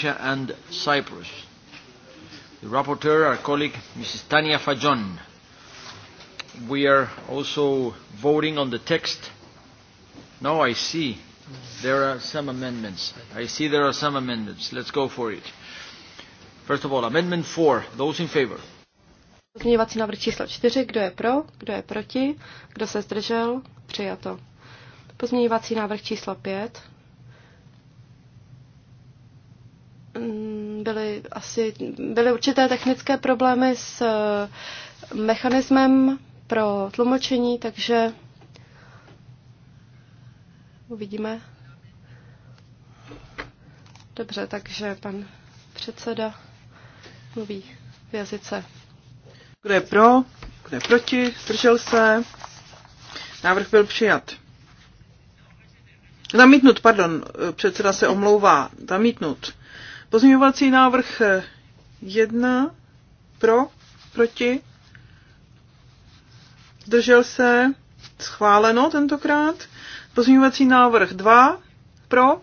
Croatia and Cyprus. The rapporteur, our colleague, Mrs. Tania Fajon. We are also voting on the text. Now I see there are some amendments. I see there are some amendments. Let's go for it. First of all, Amendment 4. Those in favor. Pozměňovací návrh číslo 4. Kdo je pro? Kdo je proti? Kdo se zdržel? Přijato. Pozměňovací návrh číslo 5. Mm, byly asi byly určité technické problémy s eh, mechanismem pro tlumočení, takže uvidíme. Dobře, takže pan předseda mluví v jazyce. Kdo je pro, kdo je proti, zdržel se. Návrh byl přijat. Zamítnut, pardon, předseda se omlouvá. Zamítnut. Pozměňovací návrh 1 eh, pro, proti, zdržel se, schváleno tentokrát. Pozměňovací návrh 2 pro,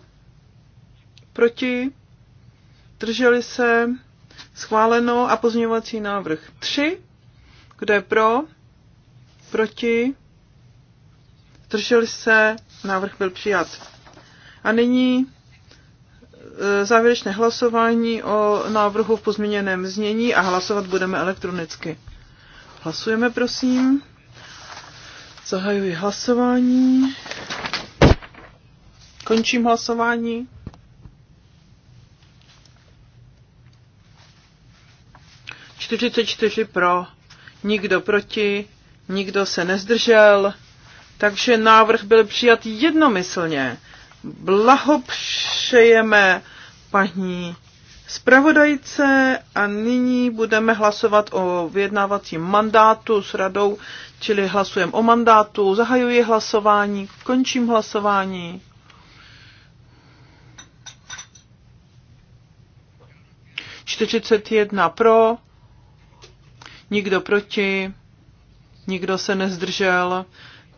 proti, drželi se, schváleno a pozměňovací návrh 3, kde je pro, proti, drželi se, návrh byl přijat. A nyní E, závěrečné hlasování o návrhu v pozměněném znění a hlasovat budeme elektronicky. Hlasujeme, prosím. Zahajuji hlasování. Končím hlasování. čtyři pro, nikdo proti, nikdo se nezdržel, takže návrh byl přijat jednomyslně blahopřejeme paní zpravodajce a nyní budeme hlasovat o vyjednávacím mandátu s radou, čili hlasujeme o mandátu, zahajuji hlasování, končím hlasování. jedna pro, nikdo proti, nikdo se nezdržel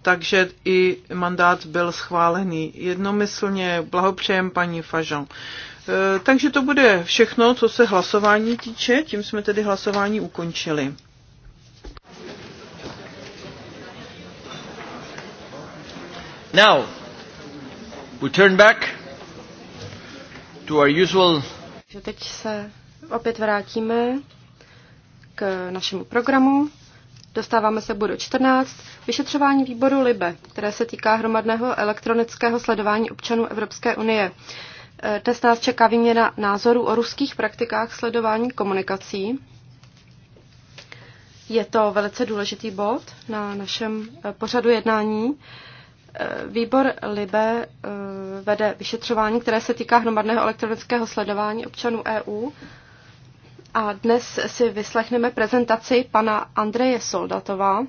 takže i mandát byl schválený jednomyslně. Blahopřejem paní Fažon. E, takže to bude všechno, co se hlasování týče. Tím jsme tedy hlasování ukončili. Now, we turn back to our usual... Teď se opět vrátíme k našemu programu. Dostáváme se bodu 14. Vyšetřování výboru LIBE, které se týká hromadného elektronického sledování občanů Evropské unie. Eh, dnes nás čeká výměna názorů o ruských praktikách sledování komunikací. Je to velice důležitý bod na našem eh, pořadu jednání. Eh, výbor LIBE vede vyšetřování, které se týká hromadného elektronického sledování občanů EU a dnes si vyslechneme prezentaci pana Andreje Soldatova,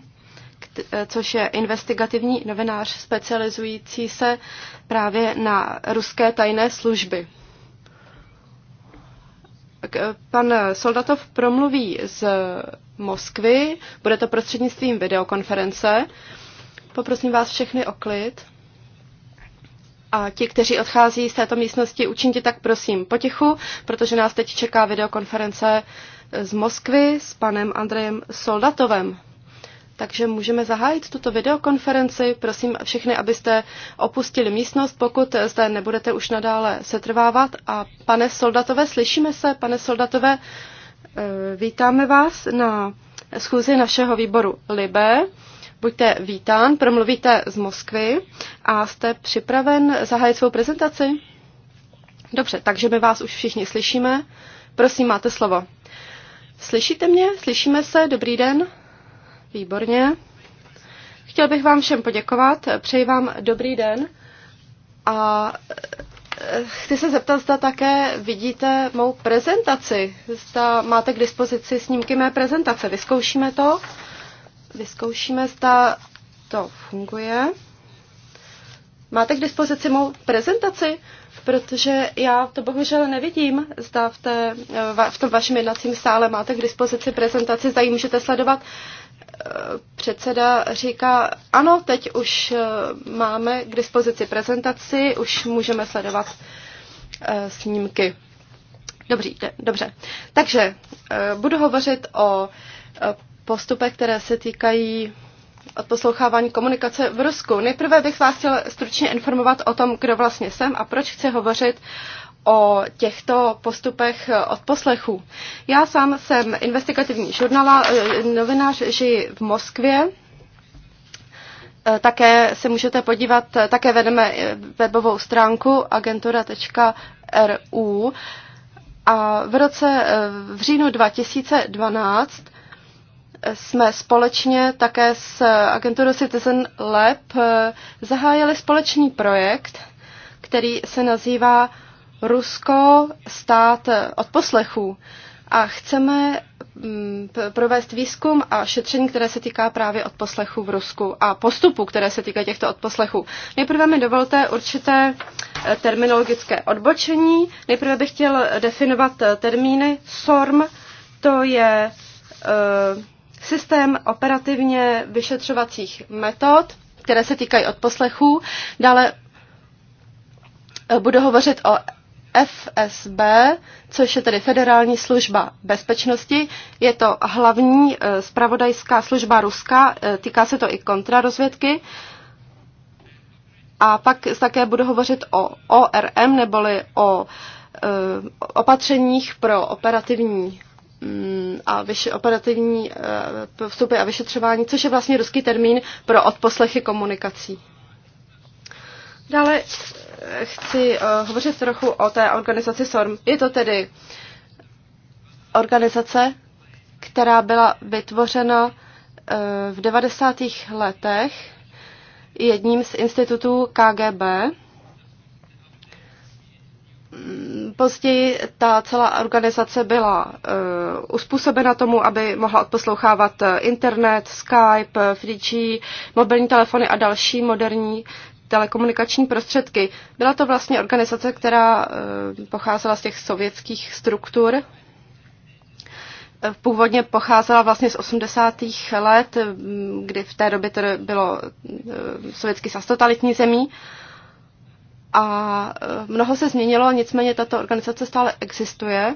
což je investigativní novinář specializující se právě na ruské tajné služby. Pan Soldatov promluví z Moskvy, bude to prostřednictvím videokonference. Poprosím vás všechny o klid. A ti, kteří odchází z této místnosti, učiňte tak prosím potichu, protože nás teď čeká videokonference z Moskvy s panem Andrejem Soldatovem. Takže můžeme zahájit tuto videokonferenci. Prosím všechny, abyste opustili místnost, pokud zde nebudete už nadále setrvávat. A pane Soldatové, slyšíme se, pane Soldatové, eh, vítáme vás na schůzi našeho výboru LIBE. Buďte vítán, promluvíte z Moskvy a jste připraven zahájit svou prezentaci? Dobře, takže my vás už všichni slyšíme. Prosím, máte slovo. Slyšíte mě? Slyšíme se? Dobrý den? Výborně. Chtěl bych vám všem poděkovat, přeji vám dobrý den a eh, chci se zeptat, zda také vidíte mou prezentaci, zda máte k dispozici snímky mé prezentace. Vyzkoušíme to. Vyzkoušíme, zda to funguje. Máte k dispozici mou prezentaci? Protože já to bohužel nevidím, zda v, té, eh, v tom vašem jednacím sále máte k dispozici prezentaci, zda ji můžete sledovat. Eh, předseda říká, ano, teď už eh, máme k dispozici prezentaci, už můžeme sledovat snímky. Dobří, dobře. Takže budu hovořit o postupech, které se týkají odposlouchávání komunikace v Rusku. Nejprve bych vás chtěl stručně informovat o tom, kdo vlastně jsem a proč chci hovořit o těchto postupech odposlechů. Já sám jsem investigativní žurnala, eh, novinář, žijí v Moskvě. Eh, také se můžete podívat, eh, také vedeme webovou stránku agentura.ru a v roce v říjnu 2012 jsme společně také s agenturou Citizen Lab eh, zahájili společný projekt, který se nazývá Rusko stát eh, od poslechů. A chceme mm, provést výzkum a šetření, které se týká právě odposlechu v Rusku a postupu, které se týká těchto odposlechů. Nejprve mi dovolte určité eh, terminologické odbočení. Nejprve bych chtěl definovat termíny SORM, to je systém operativně vyšetřovacích metod, které se týkají odposlechů. Dále eh, budu hovořit o FSB, což je tedy Federální služba bezpečnosti. Je to hlavní spravodajská eh, služba Ruska, eh, týká se to i kontrarozvědky. A pak také budu hovořit o ORM, neboli o opatřeních pro operativní Mm, a vyš- operativní eh, vstupy a vyšetřování, což je vlastně ruský termín pro odposlechy komunikací. Dále eh, chci uh, hovořit trochu o té organizaci SORM. Je to tedy organizace, která byla vytvořena uh, v 90. letech jedním z institutů KGB Později ta celá organizace byla uh, uspůsobena tomu, aby mohla odposlouchávat eh, internet, Skype, 3G, eh, mobilní telefony a další moderní telekomunikační prostředky. Byla to vlastně organizace, která uh, pocházela z těch sovětských struktur. Původně pocházela vlastně z 80. let, kdy v té době to bylo, uh, Sovětský sastotalitní zemí. Uh, a e, mnoho se změnilo, nicméně tato organizace stále existuje.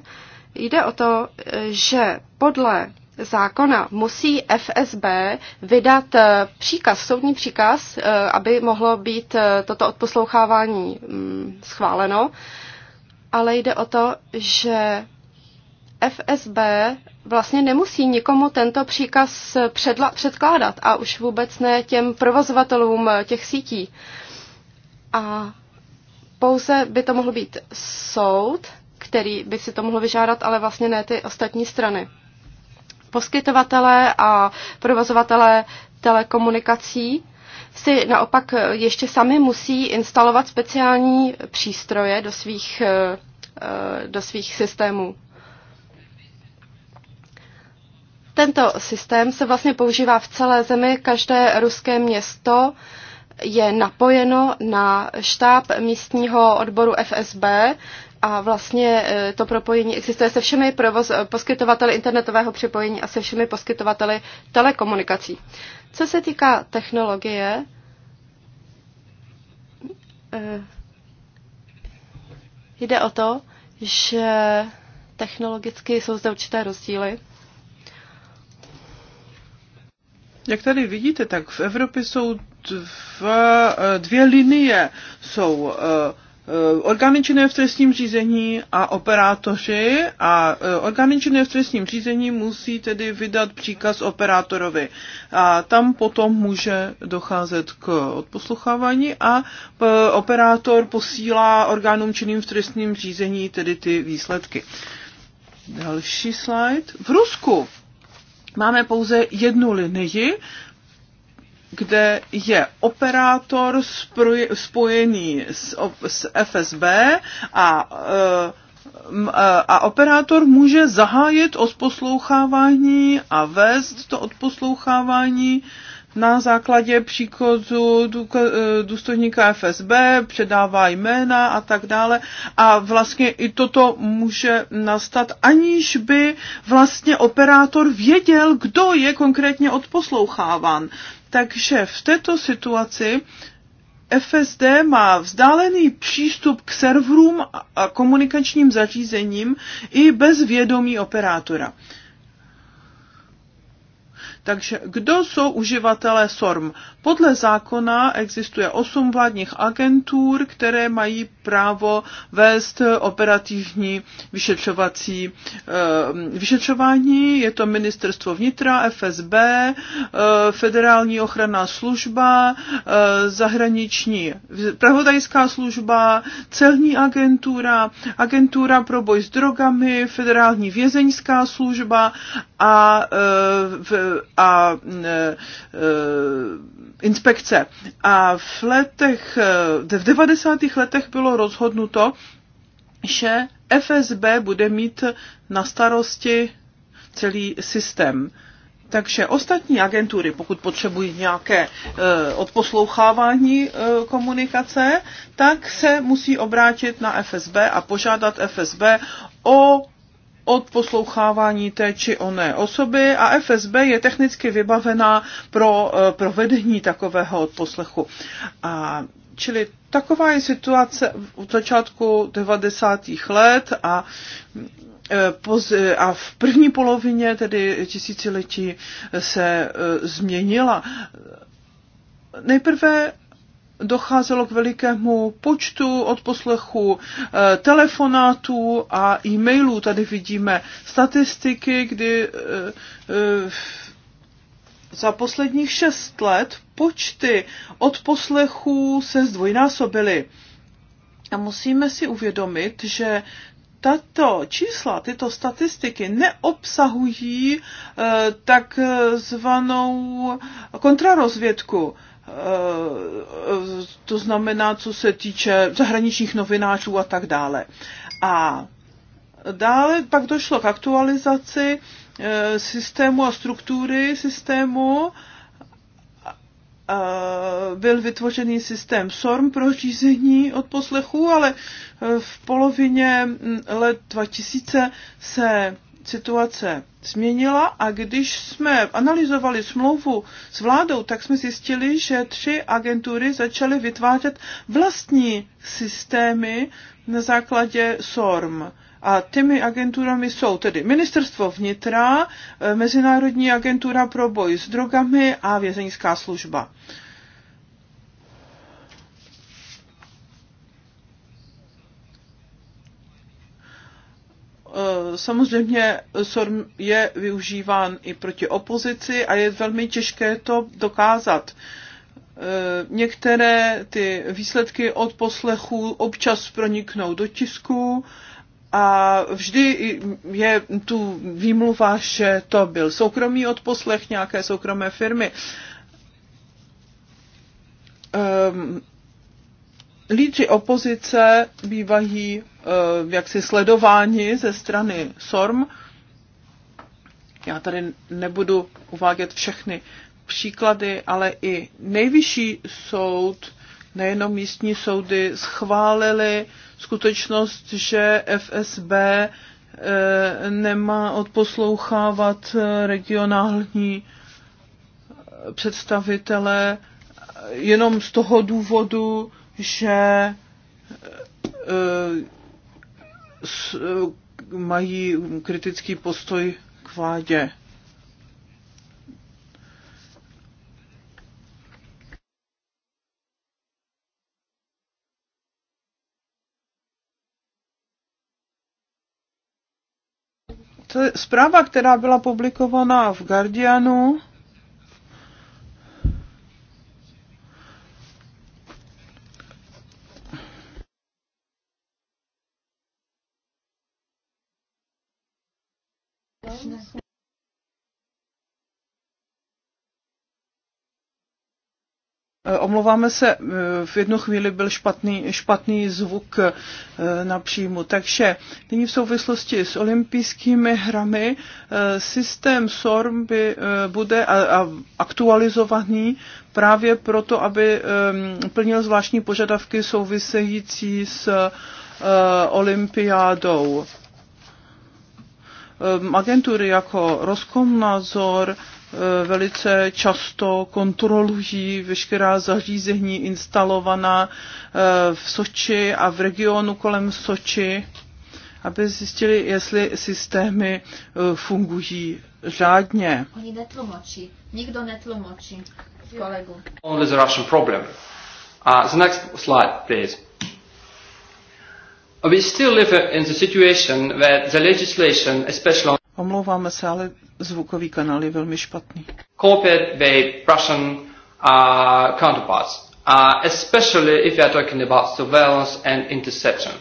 Jde o to, e, že podle zákona musí FSB vydat e, příkaz, soudní příkaz, aby mohlo být toto odposlouchávání mm, schváleno, ale jde o to, že FSB vlastně nemusí nikomu tento příkaz předla- předkládat a už vůbec ne těm provozovatelům těch sítí. A pouze by to mohl být soud, který by si to mohl vyžádat, ale vlastně ne ty ostatní strany. Poskytovatelé a provozovatelé telekomunikací si naopak ještě sami musí instalovat speciální přístroje do svých, eh, eh, do svých systémů. Tento systém se vlastně používá v celé zemi, každé ruské město je napojeno na štáb místního odboru FSB a vlastně e, to propojení existuje se všemi provoz, e, poskytovateli internetového připojení a se všemi poskytovateli telekomunikací. Co se týká technologie, e, jde o to, že technologicky jsou zde určité rozdíly. Jak tady vidíte, tak v Evropě jsou dva, eh, dvě linie jsou eh, eh, orgány činné v trestním řízení a operátoři a orgány činné v trestním řízení musí tedy vydat příkaz operátorovi a tam potom může docházet k odposluchávání a operátor posílá orgánům činným v trestním řízení tedy ty výsledky. Další slide. V Rusku máme pouze jednu linii kde je operátor spojený s, s FSB a e, e, a operátor může zahájit odposlouchávání a vést to odposlouchávání na základě příkazu e, důstojníka FSB, předává jména a tak dále. A vlastně i toto může nastat, aniž by vlastně operátor věděl, kdo je konkrétně odposloucháván. Takže v této situaci FSD má vzdálený přístup k serverům a komunikačním zařízením i bez vědomí operátora. Takže kdo jsou uživatelé SORM? Podle zákona existuje osm vládních agentur, které mají právo vést operativní vyšetřovací eh, vyšetřování. Je to ministerstvo vnitra, FSB, eh, federální ochranná služba, eh, zahraniční pravodajská služba, celní agentura, agentura pro boj s drogami, federální vězeňská služba a, a, a inspekce. A v letech, v 90. letech bylo rozhodnuto, že FSB bude mít na starosti celý systém. Takže ostatní agentury, pokud potřebují nějaké e, odposlouchávání e, komunikace, tak se musí obrátit na FSB a požádat FSB o odposlouchávání té či oné osoby a FSB je technicky vybavená pro e, provedení takového odposlechu. A Čili taková je situace v začátku 90. let a e, a v první polovině tedy tisíciletí se e, změnila. Nejprve docházelo k velikému počtu odposlechů e, telefonátů a e-mailů. Tady vidíme statistiky, kdy za posledních šest let počty od poslechů se zdvojnásobily. A musíme si uvědomit, že tato čísla, tyto statistiky neobsahují eh, takzvanou kontrarozvědku eh, to znamená, co se týče zahraničních novinářů a tak dále. A dále pak došlo k aktualizaci Eh, systému a struktury systému eh, byl vytvořený systém SORM pro řízení od poslechu, ale eh, v polovině mm, let 2000 se situace změnila a když jsme analyzovali smlouvu s vládou, tak jsme zjistili, že tři agentury začaly vytvářet vlastní systémy na základě SORM. A těmi agenturami jsou tedy Ministerstvo vnitra, eh, Mezinárodní agentura pro boj s drogami a vězeňská služba. Eh, samozřejmě SORM je využíván i proti opozici a je velmi těžké to dokázat. Eh, některé ty výsledky od poslechů občas proniknou do tisku a vždy je tu výmluva, že to byl soukromý odposlech nějaké soukromé firmy. Um, lídři opozice bývají uh, jaksi sledováni ze strany SORM. Já tady nebudu uvádět všechny příklady, ale i nejvyšší soud, nejenom místní soudy, schválili uh, skutečnost, že FSB eh, nemá odposlouchávat eh, regionální eh, představitele jenom z toho důvodu, že mají kritický postoj k vládě. To je zpráva, která byla publikovaná v Guardianu, Eh, omlouváme se, eh, v jednu chvíli byl špatný, špatný zvuk eh, na příjmu. Takže nyní v souvislosti s olympijskými hrami systém SORM by, bude a, a aktualizovaný právě proto, aby plnil zvláštní požadavky související s olympiádou. Agentury jako Roskomnadzor, Eh, velice často kontrolují veškerá zařízení instalovaná eh, v Soči a v regionu kolem Soči, aby zjistili, jestli systémy eh, fungují řádně. Oni netlumočí, nikdo netlumočí kolegu. Only the Russian problem. Uh, the next slide, please. Uh, we still live in the situation where the legislation, especially on Omlouváme se, ale zvukový kanál je velmi špatný. Copied by Russian uh, counterparts, uh, especially if you are talking about surveillance and interception.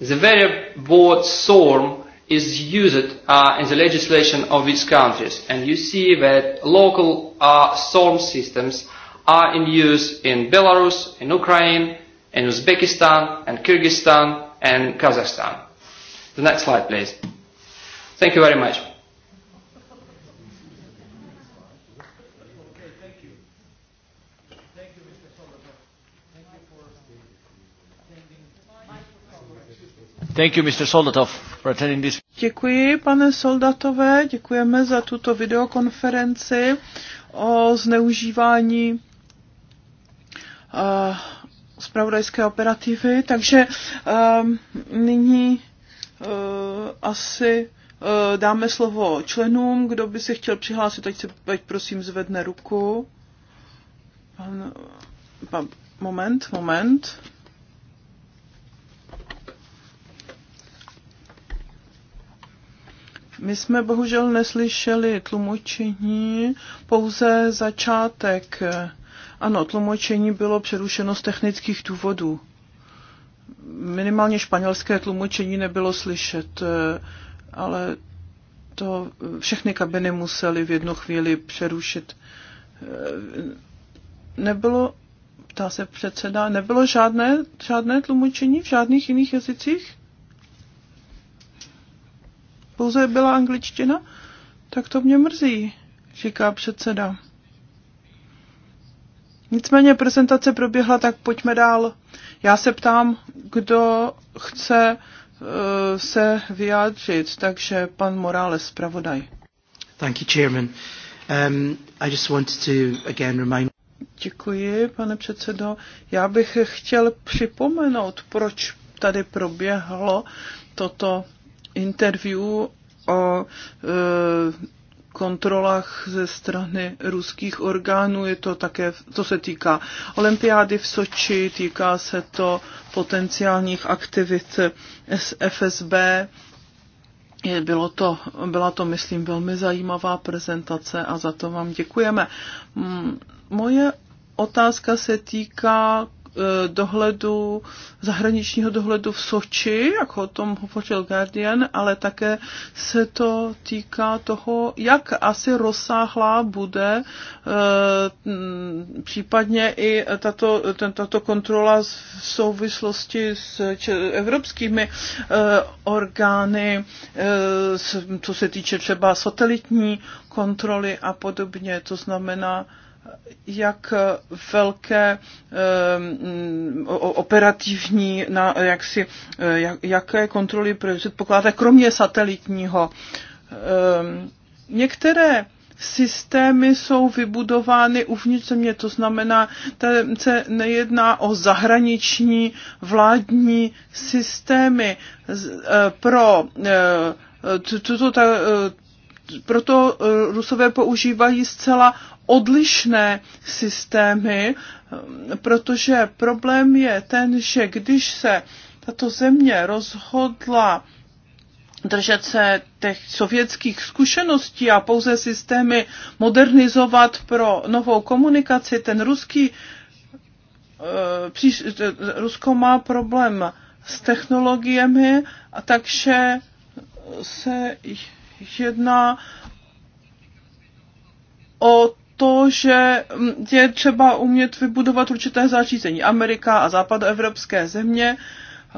The very broad SORM is used uh, in the legislation of these countries, and you see that local uh, SORM systems are in use in Belarus, in Ukraine, in Uzbekistan, and Kyrgyzstan, and Kazakhstan. The next slide, please. Thank you very much. Thank you, Mr. Soldatov, for attending this. Děkuji, pane Soldatové, děkujeme za tuto videokonferenci o zneužívání uh, eh, spravodajské operativy. Takže um, nyní uh, asi Eh, dáme slovo členům. Kdo by se chtěl přihlásit, ať se ať prosím zvedne ruku. Pan, pan, moment, moment. My jsme bohužel neslyšeli tlumočení, pouze začátek. Ano, tlumočení bylo přerušeno z technických důvodů. Minimálně španělské tlumočení nebylo slyšet ale to všechny kabiny musely v jednu chvíli přerušit. E, nebylo, ptá se předseda, nebylo žádné, žádné tlumočení v žádných jiných jazycích? Pouze byla angličtina? Tak to mě mrzí, říká předseda. Nicméně prezentace proběhla, tak pojďme dál. Já se ptám, kdo chce Eh, se vyjádřit, takže pan Morales, zpravodaj. Thank you, Chairman. Um, I just wanted to again remind Děkuji, pane předsedo. Já bych chtěl připomenout, proč tady proběhlo toto interview o eh, kontrolách ze strany ruských orgánů. Je to také, to se týká olympiády v Soči, týká se to potenciálních aktivit FSB. Je, bylo to, byla to, myslím, velmi zajímavá prezentace a za to vám děkujeme. Moje otázka se týká Eh, dohledu, zahraničního dohledu v Soči, jako o tom hovořil Guardian, ale také se to týká toho, jak asi rozsáhlá bude eh, případně i tato, tato kontrola v souvislosti s evropskými eh, orgány, co se týče třeba satelitní kontroly a podobně. To znamená, jak eh, velké um, operativní, na, si eh, jak, jaké kontroly předpokládá, kromě satelitního. Um, některé systémy jsou vybudovány uvnitř země, to znamená, tady se nejedná o zahraniční vládní systémy pro tuto proto Rusové používají zcela odlišné systémy, protože problém je ten, že když se tato země rozhodla držet se těch sovětských zkušeností a pouze systémy modernizovat pro novou komunikaci, ten ruský eh, příš, Rusko má problém s technologiemi, a takže se jedná o to, že je třeba umět vybudovat určité zařízení. Amerika a západoevropské země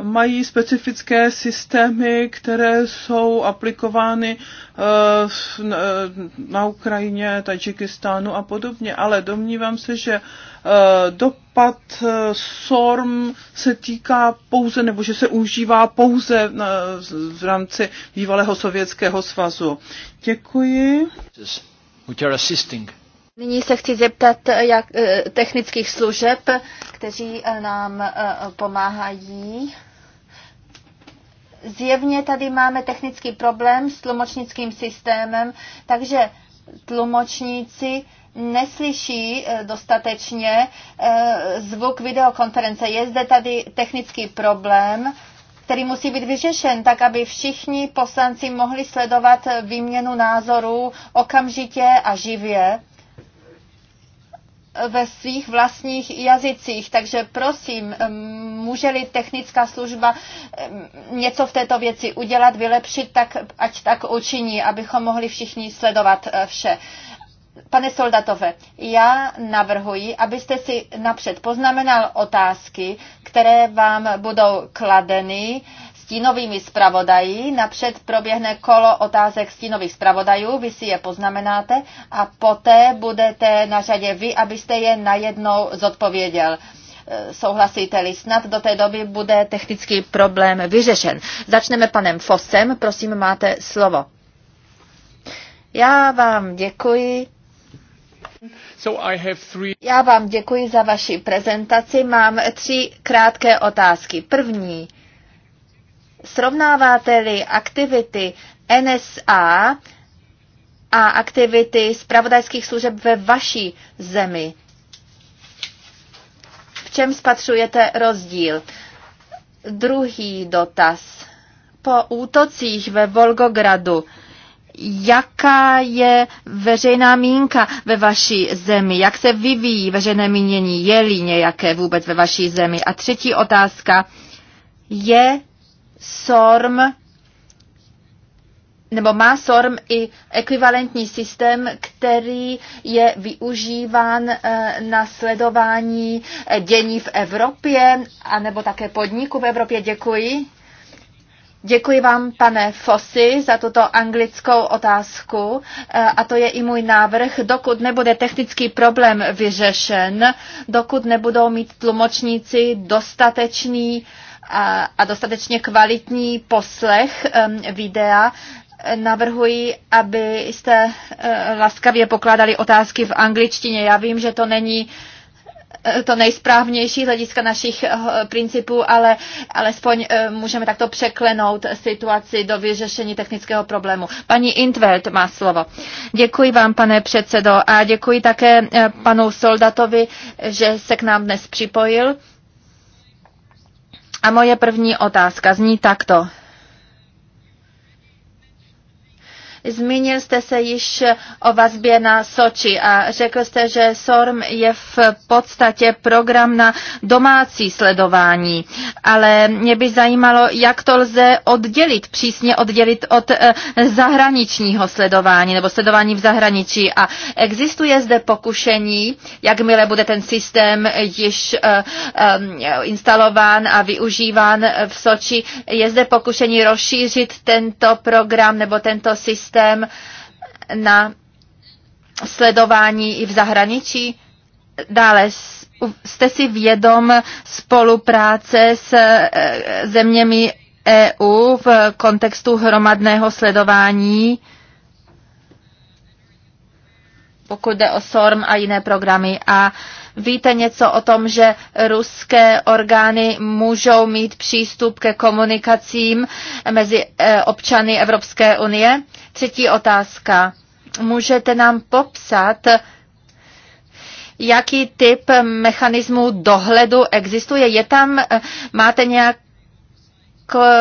mají specifické systémy, které jsou aplikovány eh, eh, na Ukrajině, Tadžikistánu a podobně, ale domnívám se, že eh, dopad SORM se týká pouze, nebo že se užívá pouze v rámci bývalého Sovětského svazu. Děkuji. assisting Nyní se chci zeptat jak, eh, technických služeb, kteří eh, nám eh, pomáhají. Zjevně tady máme technický problém s tlumočnickým systémem, takže tlumočníci neslyší dostatečně zvuk videokonference. Je zde tady technický problém, který musí být vyřešen, tak aby všichni poslanci mohli sledovat výměnu názorů okamžitě a živě ve svých vlastních jazycích. Takže prosím, může-li technická služba něco v této věci udělat, vylepšit, tak ať tak učiní, abychom mohli všichni sledovat e, vše. Pane Soldatové, já navrhuji, abyste si napřed poznamenal otázky, které vám budou kladeny stínovými zpravodají. Napřed proběhne kolo otázek stínových zpravodajů, vy si je poznamenáte a poté budete na řadě vy, abyste je najednou zodpověděl e, souhlasíte-li, snad do té doby bude technický problém vyřešen. Začneme panem Fosem, prosím, máte slovo. Já vám děkuji. Já vám děkuji za vaši prezentaci. Mám tři krátké otázky. První Srovnáváte-li aktivity NSA a aktivity zpravodajských služeb ve vaší zemi, v čem spatřujete rozdíl? Druhý dotaz. Po útocích ve Volgogradu jaká je veřejná mínka ve vaší zemi, jak se vyvíjí veřejné mínění, je-li nějaké vůbec ve vaší zemi. A třetí otázka, je SORM nebo má SORM i ekvivalentní systém, který je využíván eh, na sledování eh, dění v Evropě, anebo také podniků v Evropě. Děkuji. Děkuji vám, pane Fossi, za tuto anglickou otázku eh, a to je i můj návrh. Dokud nebude technický problém vyřešen, dokud nebudou mít tlumočníci dostatečný uh, a dostatečně kvalitní poslech videa, navrhuji, abyste eh, laskavě pokládali otázky v angličtině. Já vím, že to není eh, to nejsprávnější z hlediska našich eh, principů, ale alespoň můžeme takto překlenout situaci do vyřešení technického problému. Paní Intveld má slovo. Děkuji vám, pane předsedo, a děkuji také panu Soldatovi, že se k nám dnes připojil. A moje první otázka zní takto. Zmínil jste se již o vazbě na Soči a řekl jste, že SORM je v podstatě program na domácí sledování, ale mě by zajímalo, jak to lze oddělit, přísně oddělit od eh, zahraničního sledování nebo sledování v zahraničí a existuje zde pokušení, jakmile bude ten systém již eh, eh, instalován a využíván v Soči, je zde pokušení rozšířit tento program nebo tento systém systém na sledování i v zahraničí. Dále jste si vědom spolupráce s eh, zeměmi EU v kontextu hromadného sledování, pokud jde o SORM a jiné programy. A Víte něco o tom, že ruské orgány můžou mít přístup ke komunikacím mezi eh, občany Evropské unie? Třetí otázka. Můžete nám popsat, jaký typ mechanismu dohledu existuje? Je tam, eh, máte nějak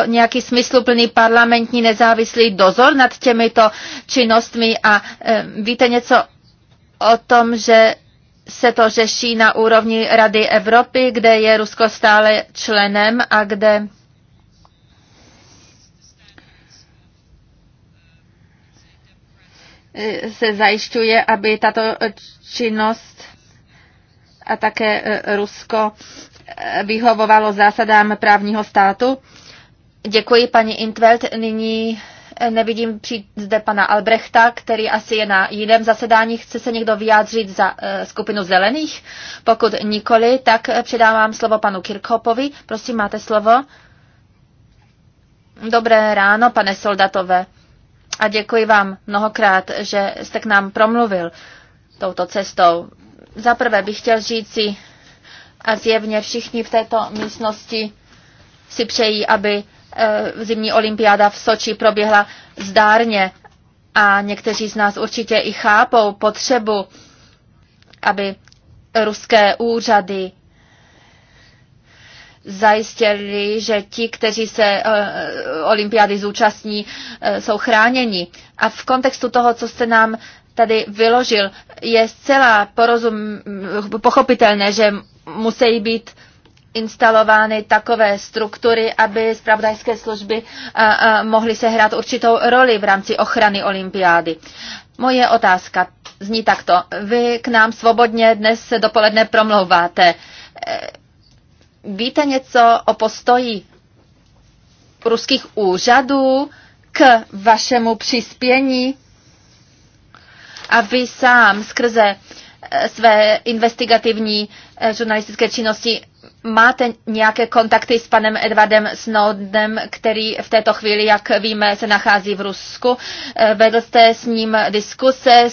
nějaký smysluplný parlamentní nezávislý dozor nad těmito činnostmi a eh, víte něco o tom, že se to řeší na úrovni Rady Evropy, kde je Rusko stále členem a kde se zajišťuje, aby tato činnost a také e, Rusko e, vyhovovalo zásadám právního státu. Děkuji paní Intveld. Nyní Nevidím zde pana Albrechta, který asi je na jiném zasedání. Chce se někdo vyjádřit za eh, skupinu zelených? Pokud nikoli, tak eh, předávám slovo panu Kirchhoffovi. Prosím, máte slovo. Dobré ráno, pane Soldatové. A děkuji vám mnohokrát, že jste k nám promluvil touto cestou. Za prvé bych chtěl říci, a zjevně všichni v této místnosti si přejí, aby Eh, zimní olympiáda v Soči proběhla zdárně a někteří z nás určitě i chápou potřebu, aby ruské úřady zajistili, že ti, kteří se eh, olympiády zúčastní, eh, jsou chráněni. A v kontextu toho, co jste nám tady vyložil, je zcela porozum, pochopitelné, že musí být instalovány takové struktury, aby zpravodajské služby eh, eh, mohly sehrát určitou roli v rámci ochrany olympiády. Moje otázka zní takto. Vy k nám svobodně dnes dopoledne promlouváte. Eh, víte něco o postoji ruských úřadů k vašemu přispění? A vy sám skrze své investigativní žurnalistické činnosti Máte nějaké kontakty s panem Edwardem Snowdenem, který v této chvíli, jak víme, se nachází v Rusku. Eh, vedl jste s ním diskuse,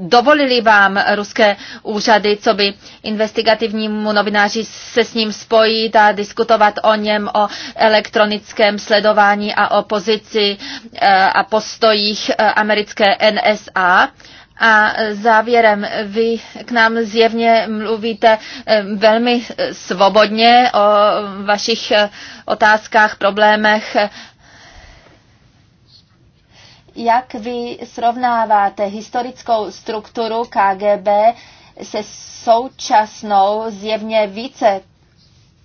dovolili vám ruské úřady, co by investigativnímu novináři se s ním spojit a diskutovat o něm, o elektronickém sledování a o pozici eh, a postojích eh, americké NSA. A závěrem, vy k nám zjevně mluvíte eh, velmi eh, svobodně o vašich eh, otázkách, problémech. Jak vy srovnáváte historickou strukturu KGB se současnou, zjevně více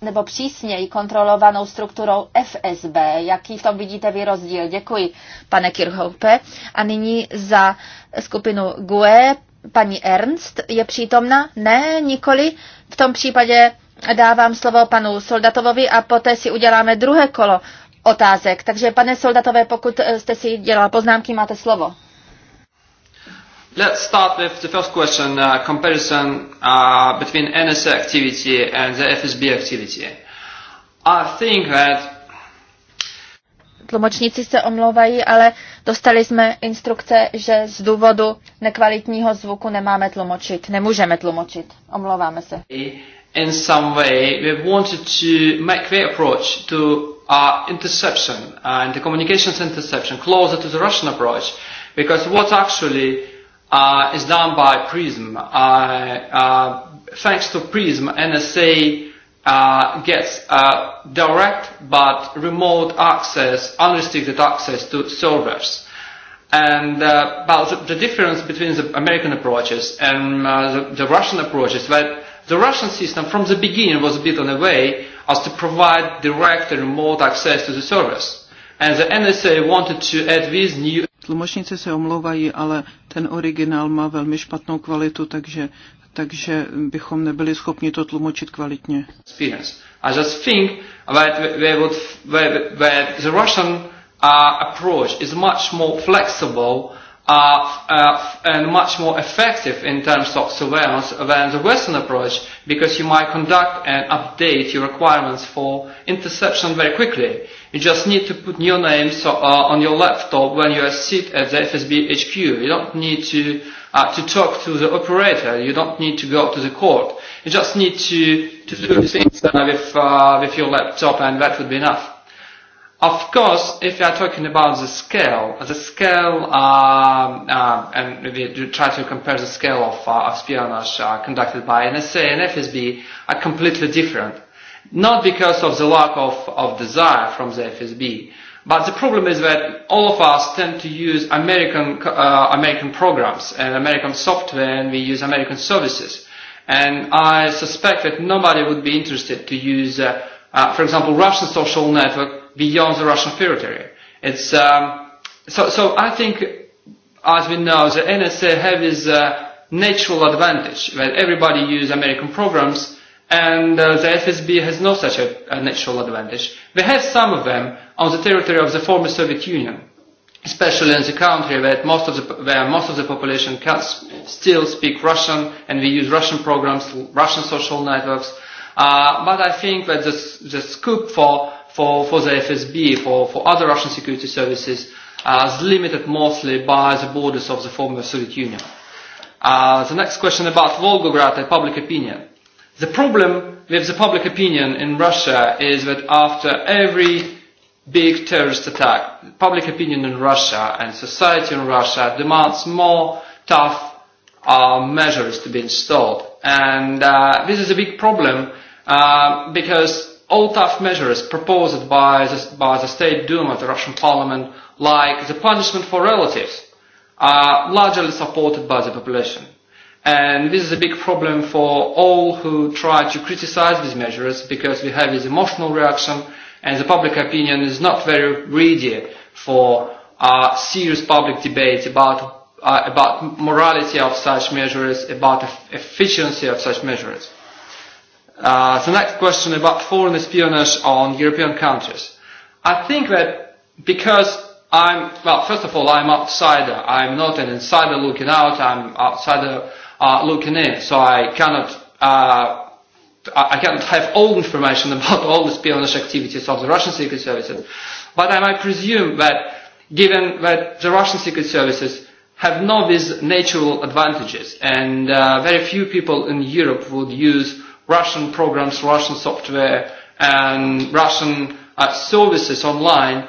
nebo přísněji kontrolovanou strukturou FSB. Jaký v tom vidíte vy rozdíl? Děkuji, pane Kirchhope. A nyní za skupinu GUE paní Ernst je přítomna? Ne, nikoli. V tom případě dávám slovo panu Soldatovovi a poté si uděláme druhé kolo otázek. Takže pane Soldatové, pokud eh, jste si dělal poznámky, máte slovo. Let's start with the first question, uh, comparison uh, between NSA activity and the FSB activity. I think that Tlumočníci se omlouvají, ale dostali jsme instrukce, že z důvodu nekvalitního zvuku nemáme tlumočit. Nemůžeme tlumočit. Omlouváme se. In some way we wanted to make the approach to uh, interception uh, and the communications interception closer to the Russian approach because what actually uh, is done by PRISM. Uh, uh, thanks to PRISM, NSA uh, gets uh, direct but remote access, unrestricted access to servers. And uh, but the, the difference between the American approaches and uh, the, the Russian approaches that the Russian system from the beginning was built in a way as to provide direct and remote access to the servers. And the NSA wanted to add these new Tlumočníci se omlouvají, ale ten originál má velmi špatnou kvalitu, takže, takže bychom nebyli schopni to tlumočit kvalitně. I just think that where, where, where the Russian uh, approach is much more flexible uh, uh, and much more effective in terms of surveillance than the Western approach because you might conduct and update your requirements for interception very quickly You just need to put name so, uh, on your laptop when you sit at the FSB HQ. You don't need to uh, to talk to the operator. You don't need to go to the court. You just need to, to do things uh, with, uh, with your laptop and that would be enough. Of course, if you are talking about the scale, the scale, um, uh, and if you try to compare the scale of, uh, of espionage uh, conducted by NSA and FSB are completely different not because of the lack of, of desire from the FSB, but the problem is that all of us tend to use American, uh, American programs and American software and we use American services. And I suspect that nobody would be interested to use, uh, uh, for example, Russian social network beyond the Russian territory. It's, um, so, so I think, as we know, the NSA has this uh, natural advantage that everybody uses American programs and uh, the FSB has no such a, a natural advantage. We have some of them on the territory of the former Soviet Union, especially in the country where most of the, where most of the population can still speak Russian, and we use Russian programs, Russian social networks. Uh, but I think that the, the scope for, for, for the FSB, for, for other Russian security services, uh, is limited mostly by the borders of the former Soviet Union. Uh, the next question about Volgograd and public opinion. The problem with the public opinion in Russia is that after every big terrorist attack, public opinion in Russia and society in Russia demands more tough uh, measures to be installed. And uh, this is a big problem uh, because all tough measures proposed by the, by the State Duma, the Russian parliament, like the punishment for relatives, are largely supported by the population. And this is a big problem for all who try to criticize these measures because we have this emotional reaction and the public opinion is not very ready for uh, serious public debate about, uh, about morality of such measures, about efficiency of such measures. Uh, the next question about foreign espionage on European countries. I think that because I'm, well, first of all, I'm outsider. I'm not an insider looking out. I'm outsider uh, looking in. So I cannot, uh, I cannot have all information about all the espionage activities of the Russian secret services. But I might presume that given that the Russian secret services have no these natural advantages and uh, very few people in Europe would use Russian programs, Russian software and Russian uh, services online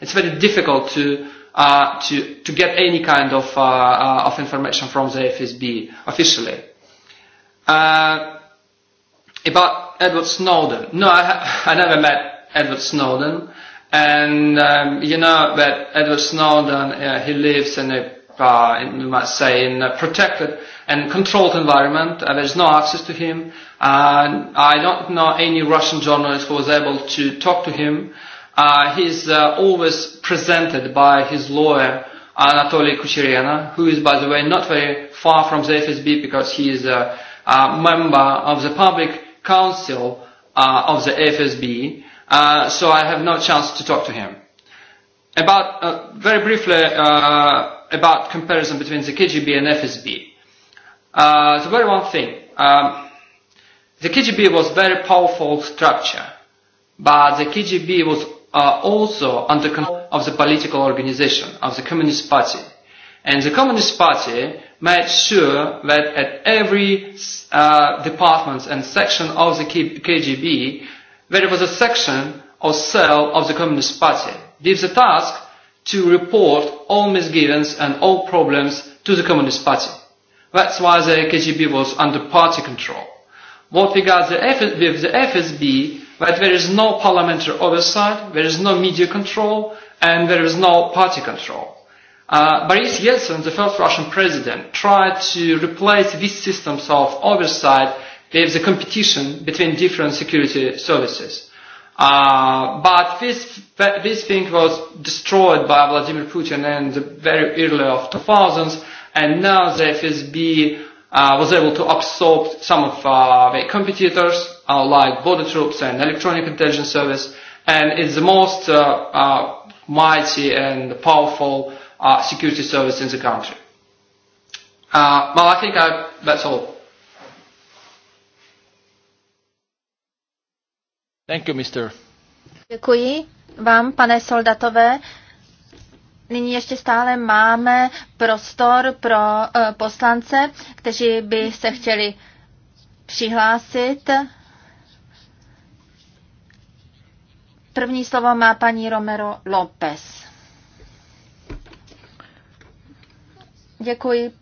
it's very difficult to uh, to to get any kind of uh, uh, of information from the FSB officially. Uh, about Edward Snowden, no, I, ha- I never met Edward Snowden, and um, you know that Edward Snowden uh, he lives in a uh, in, you might say in a protected and controlled environment. Uh, there's no access to him. Uh, I don't know any Russian journalist who was able to talk to him uh, he's uh, always presented by his lawyer Anatoly Kucherena, who is, by the way, not very far from the FSB because he is a, a member of the public council uh, of the FSB. Uh, so I have no chance to talk to him. About uh, very briefly uh, about comparison between the KGB and FSB. Uh, the very one thing. Um, the KGB was very powerful structure, but the KGB was are also under control of the political organization of the Communist Party. And the Communist Party made sure that at every uh, department and section of the KGB, there was a section or cell of the Communist Party, with the task to report all misgivings and all problems to the Communist Party. That's why the KGB was under party control. What we got the F- with the FSB, But there is no parliamentary oversight, there is no media control, and there is no party control. Uh, Boris Yeltsin, the first Russian president, tried to replace these systems of oversight with the competition between different security services. Uh, but this, this thing was destroyed by Vladimir Putin in the very early of 2000s, and now the FSB uh, was able to absorb some of uh, their competitors uh, like border troops and electronic intelligence service, and it's the most uh, uh, mighty and powerful uh, security service in the country. Uh, well, I think I, that's all. Thank you, Mr. Děkuji vám, pane Soldatové. Nyní ještě stále máme prostor pro uh, poslance, kteří by se chtěli přihlásit. První slovo má paní Romero López. Děkuji.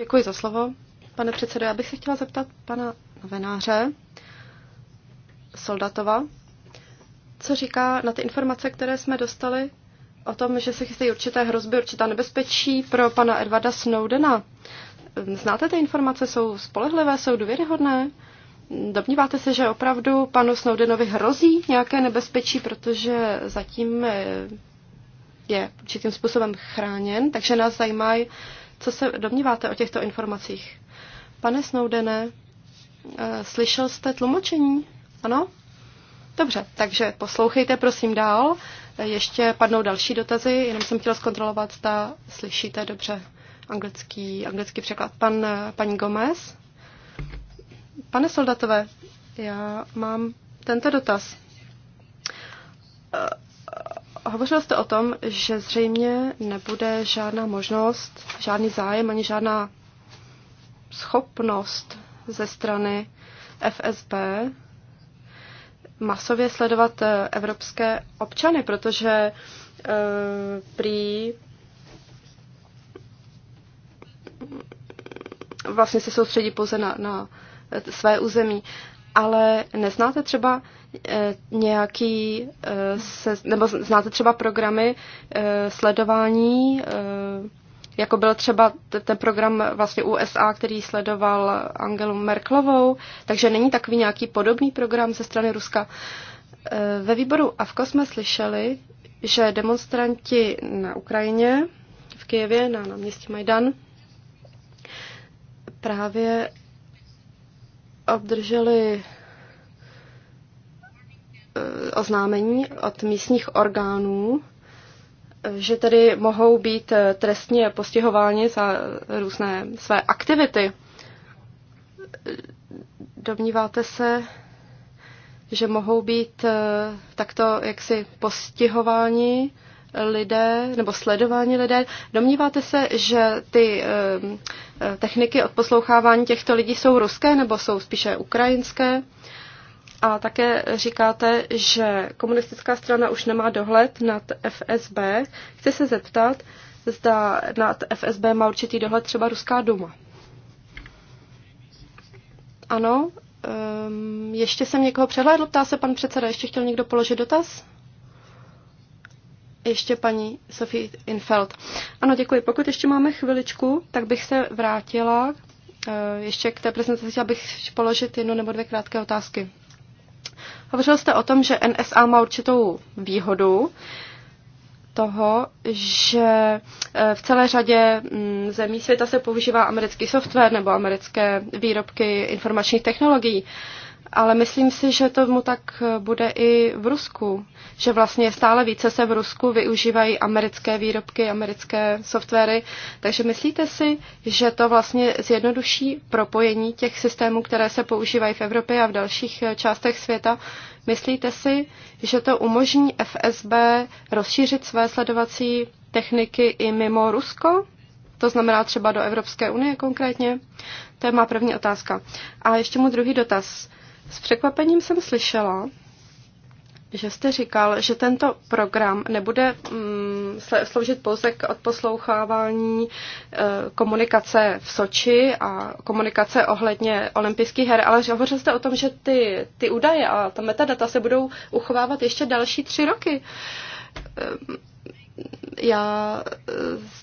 Děkuji za slovo. Pane předsedo, já bych se chtěla zeptat pana novináře Soldatova, co říká na ty informace, které jsme dostali o tom, že se chystají určité hrozby, určitá nebezpečí pro pana Edvarda Snowdena. Znáte ty informace? Jsou spolehlivé, jsou důvěryhodné? Domníváte se, že opravdu panu Snowdenovi hrozí nějaké nebezpečí, protože zatím eh, je určitým způsobem chráněn, takže nás zajímá, co se domníváte o těchto informacích. Pane Snowdene, eh, slyšel jste tlumočení? Ano? Dobře, takže poslouchejte prosím dál. Ještě padnou další dotazy, jenom jsem chtěla zkontrolovat, zda slyšíte dobře anglický, anglický překlad. Pan, eh, paní Gomez? Pane Soldatové, já mám tento dotaz. Eh, hovořil jste o tom, že zřejmě nebude žádná možnost, žádný zájem ani žádná schopnost ze strany FSB masově sledovat eh, evropské občany, protože e, prý vlastně se soustředí pouze na, na své území. Ale neznáte třeba eh, nějaký, eh, se, nebo znáte třeba programy eh, sledování, jako byl třeba ten program vlastně USA, který sledoval Angelu Merklovou, takže není takový nějaký podobný program ze strany Ruska. Ve výboru AVKO jsme slyšeli, že demonstranti na Ukrajině, v Kijevě, na náměstí Majdan, právě obdrželi eh, oznámení od místních orgánů, eh, že tedy mohou být eh, trestně postihováni za různé své aktivity. Domníváte se, že mohou být takto jaksi postihováni lidé nebo sledování lidé. Domníváte se, že ty eh, techniky odposlouchávání těchto lidí jsou ruské nebo jsou spíše ukrajinské? A také říkáte, že komunistická strana už nemá dohled nad FSB. Chci se zeptat, zda nad FSB má určitý dohled třeba Ruská duma. Ano, um, ještě jsem někoho přehlédl, ptá se pan předseda, ještě chtěl někdo položit dotaz? ještě paní Sophie Infeld. Ano, děkuji. Pokud ještě máme chviličku, tak bych se vrátila eh, ještě k té prezentaci, chtěla bych položit jednu nebo dvě krátké otázky. Hovořil jste o tom, že NSA má určitou výhodu toho, že eh, v celé řadě mm, zemí světa se používá americký software nebo americké výrobky informačních technologií ale myslím si, že tomu tak bude i v Rusku, že vlastně stále více se v Rusku využívají americké výrobky, americké softwary, takže myslíte si, že to vlastně zjednoduší propojení těch systémů, které se používají v Evropě a v dalších eh, částech světa? Myslíte si, že to umožní FSB rozšířit své sledovací techniky i mimo Rusko? To znamená třeba do Evropské unie konkrétně? To je má první otázka. A ještě mu druhý dotaz. S překvapením jsem slyšela, že jste říkal, že tento program nebude mm, sloužit pouze k odposlouchávání e, komunikace v Soči a komunikace ohledně olympijských her, ale že hovořil jste o tom, že ty, ty údaje a ta metadata se budou uchovávat ještě další tři roky. Ehm, já, eh,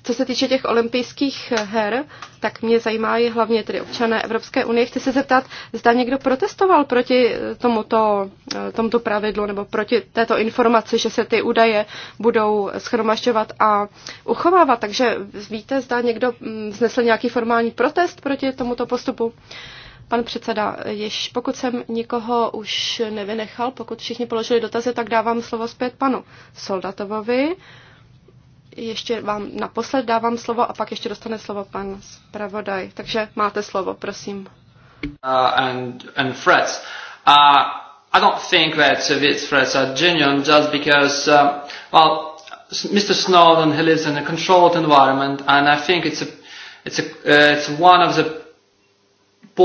co se týče těch olympijských her, tak mě zajímají hlavně tedy občané Evropské unie. Chci se zeptat, zda někdo protestoval proti eh, tomuto, eh, tomuto pravidlu nebo proti této informaci, že se ty údaje budou schromažďovat a uchovávat. Takže víte, zda někdo mm, vznesl nějaký formální protest proti tomuto postupu. Uh, Pan předseda, jež pokud jsem nikoho už nevynechal, pokud všichni položili dotazy, tak dávám slovo zpět panu Soldatovovi. Ještě vám naposled dávám slovo a pak ještě dostane slovo pan zpravodaj. Takže máte slovo, prosím. Uh, and, and threats. Uh, I don't think that these threats are genuine just because, uh, well, Mr. Snowden, he lives in a controlled environment and I think it's a, it's a, uh, it's one of the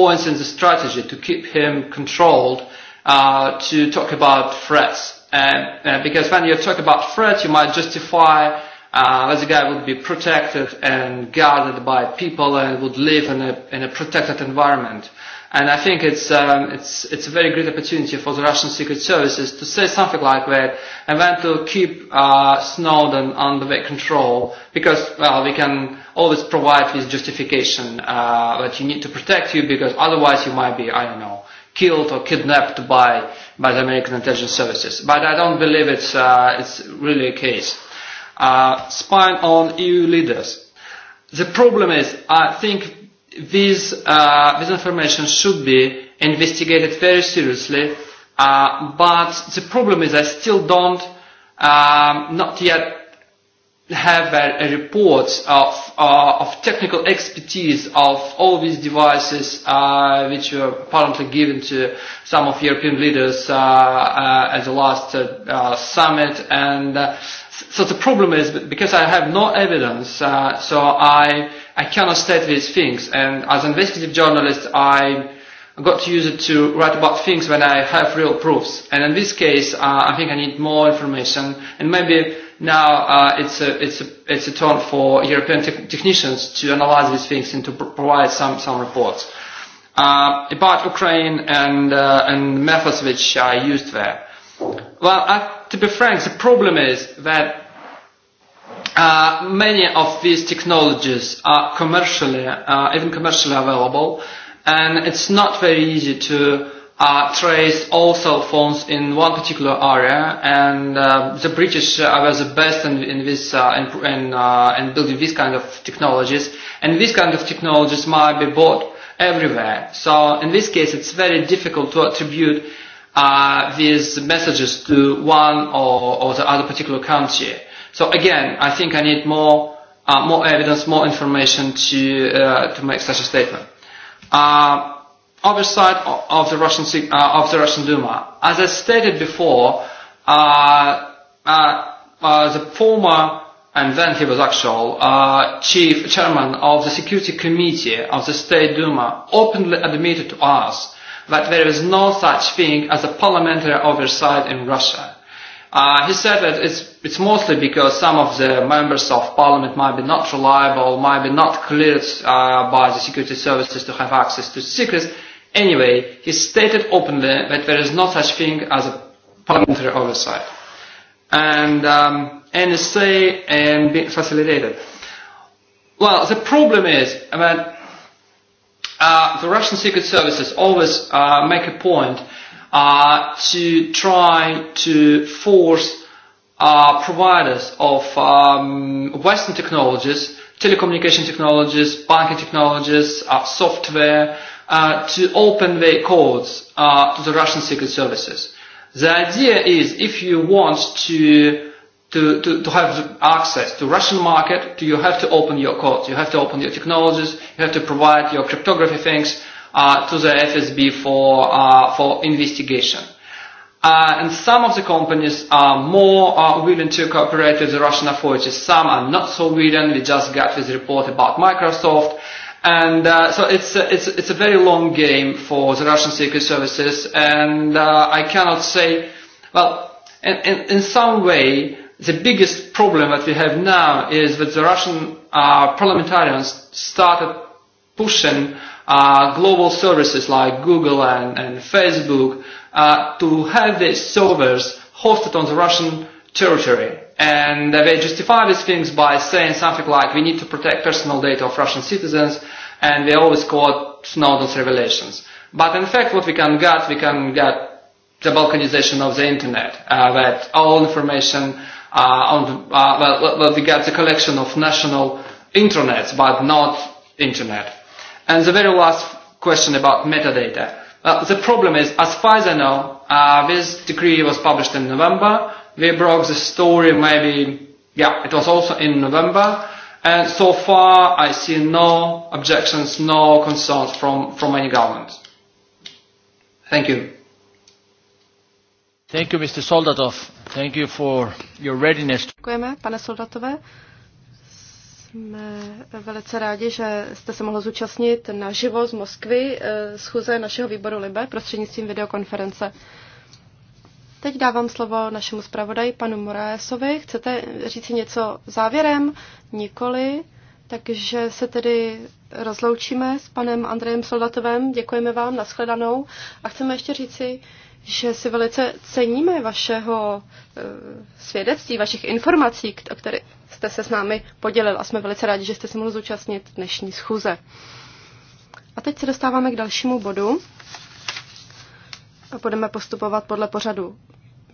points in the strategy to keep him controlled uh, to talk about threats. And, uh, because when you talk about threats, you might justify uh, that the guy would be protected and guarded by people and would live in a, in a protected environment. And I think it's, um, it's, it's a very great opportunity for the Russian secret services to say something like that and then to keep uh, Snowden under their control because, well, we can always provide his justification uh, that you need to protect you because otherwise you might be, I don't know, killed or kidnapped by, by the American intelligence services. But I don't believe it's, uh, it's really a case. Uh, spying on EU leaders. The problem is, I think this, uh, this information should be investigated very seriously, uh, but the problem is I still don't, um, not yet have a, a report of, uh, of technical expertise of all these devices uh, which were apparently given to some of European leaders uh, uh, at the last uh, uh, summit. And uh, so the problem is because I have no evidence, uh, so I, I cannot state these things. And as an investigative journalist, I got to use it to write about things when I have real proofs. And in this case, uh, I think I need more information and maybe Now uh, it's a it's a it's a turn for European te- technicians to analyze these things and to pr- provide some some reports uh, about Ukraine and uh, and methods which are used there. Well, uh, to be frank, the problem is that uh, many of these technologies are commercially uh, even commercially available, and it's not very easy to are uh, traced also phones in one particular area, and uh, the British uh, were the best in, in this uh, in in, uh, in building these kind of technologies. And these kind of technologies might be bought everywhere. So in this case, it's very difficult to attribute uh, these messages to one or, or the other particular country. So again, I think I need more uh, more evidence, more information to uh, to make such a statement. Uh, other side of the Russian uh, of the Russian Duma. As I stated before, uh, uh, uh, the former and then he was actual uh, chief chairman of the Security Committee of the State Duma openly admitted to us that there is no such thing as a parliamentary oversight in Russia. Uh, he said that it's, it's mostly because some of the members of parliament might be not reliable, might be not cleared uh, by the security services to have access to secrets, Anyway, he stated openly that there is no such thing as a parliamentary oversight. And um, NSA and being facilitated. Well, the problem is that uh, the Russian secret services always uh, make a point uh, to try to force uh, providers of um, Western technologies, telecommunication technologies, banking technologies, uh, software, Uh, to open the codes uh, to the Russian secret services. The idea is if you want to to, to, to have access to Russian market, to, you have to open your codes, you have to open your technologies, you have to provide your cryptography things uh, to the FSB for, uh, for investigation. Uh, and some of the companies are more uh, willing to cooperate with the Russian authorities. Some are not so willing. We just got this report about Microsoft. And uh, so it's a, uh, it's it's a very long game for the Russian secret services, and uh, I cannot say. Well, in, in in some way, the biggest problem that we have now is that the Russian uh, parliamentarians started pushing uh, global services like Google and, and Facebook uh, to have these servers hosted on the Russian territory. And they justify these things by saying something like, we need to protect personal data of Russian citizens and they always quote Snowden's revelations. But in fact, what we can get, we can get the balkanization of the internet, uh, that all information uh, on the, uh, well, well, we get the collection of national intranets, but not internet. And the very last question about metadata. Uh, the problem is, as far as I know, uh, this decree was published in November. We broke the story maybe, yeah, it was also in November And so far, I see no objections, no concerns from, from any government. Thank you. Thank you, Mr. Soldatov. Thank you for your readiness. Děkujeme, pane Soldatové. Jsme velice rádi, že jste se mohl zúčastnit na živo z Moskvy eh, schůze našeho výboru LIBE prostřednictvím videokonference. Teď dávám slovo našemu zpravodaji, panu Moraesovi. Chcete říct něco závěrem? Nikoli. Takže se tedy rozloučíme s panem Andrejem Soldatovem. Děkujeme vám, nashledanou. A chceme ještě říci, že si velice ceníme vašeho e, svědectví, vašich informací, o které jste se s námi podělil a jsme velice rádi, že jste se mohli zúčastnit dnešní schůze. A teď se dostáváme k dalšímu bodu budeme postupovat podle pořadu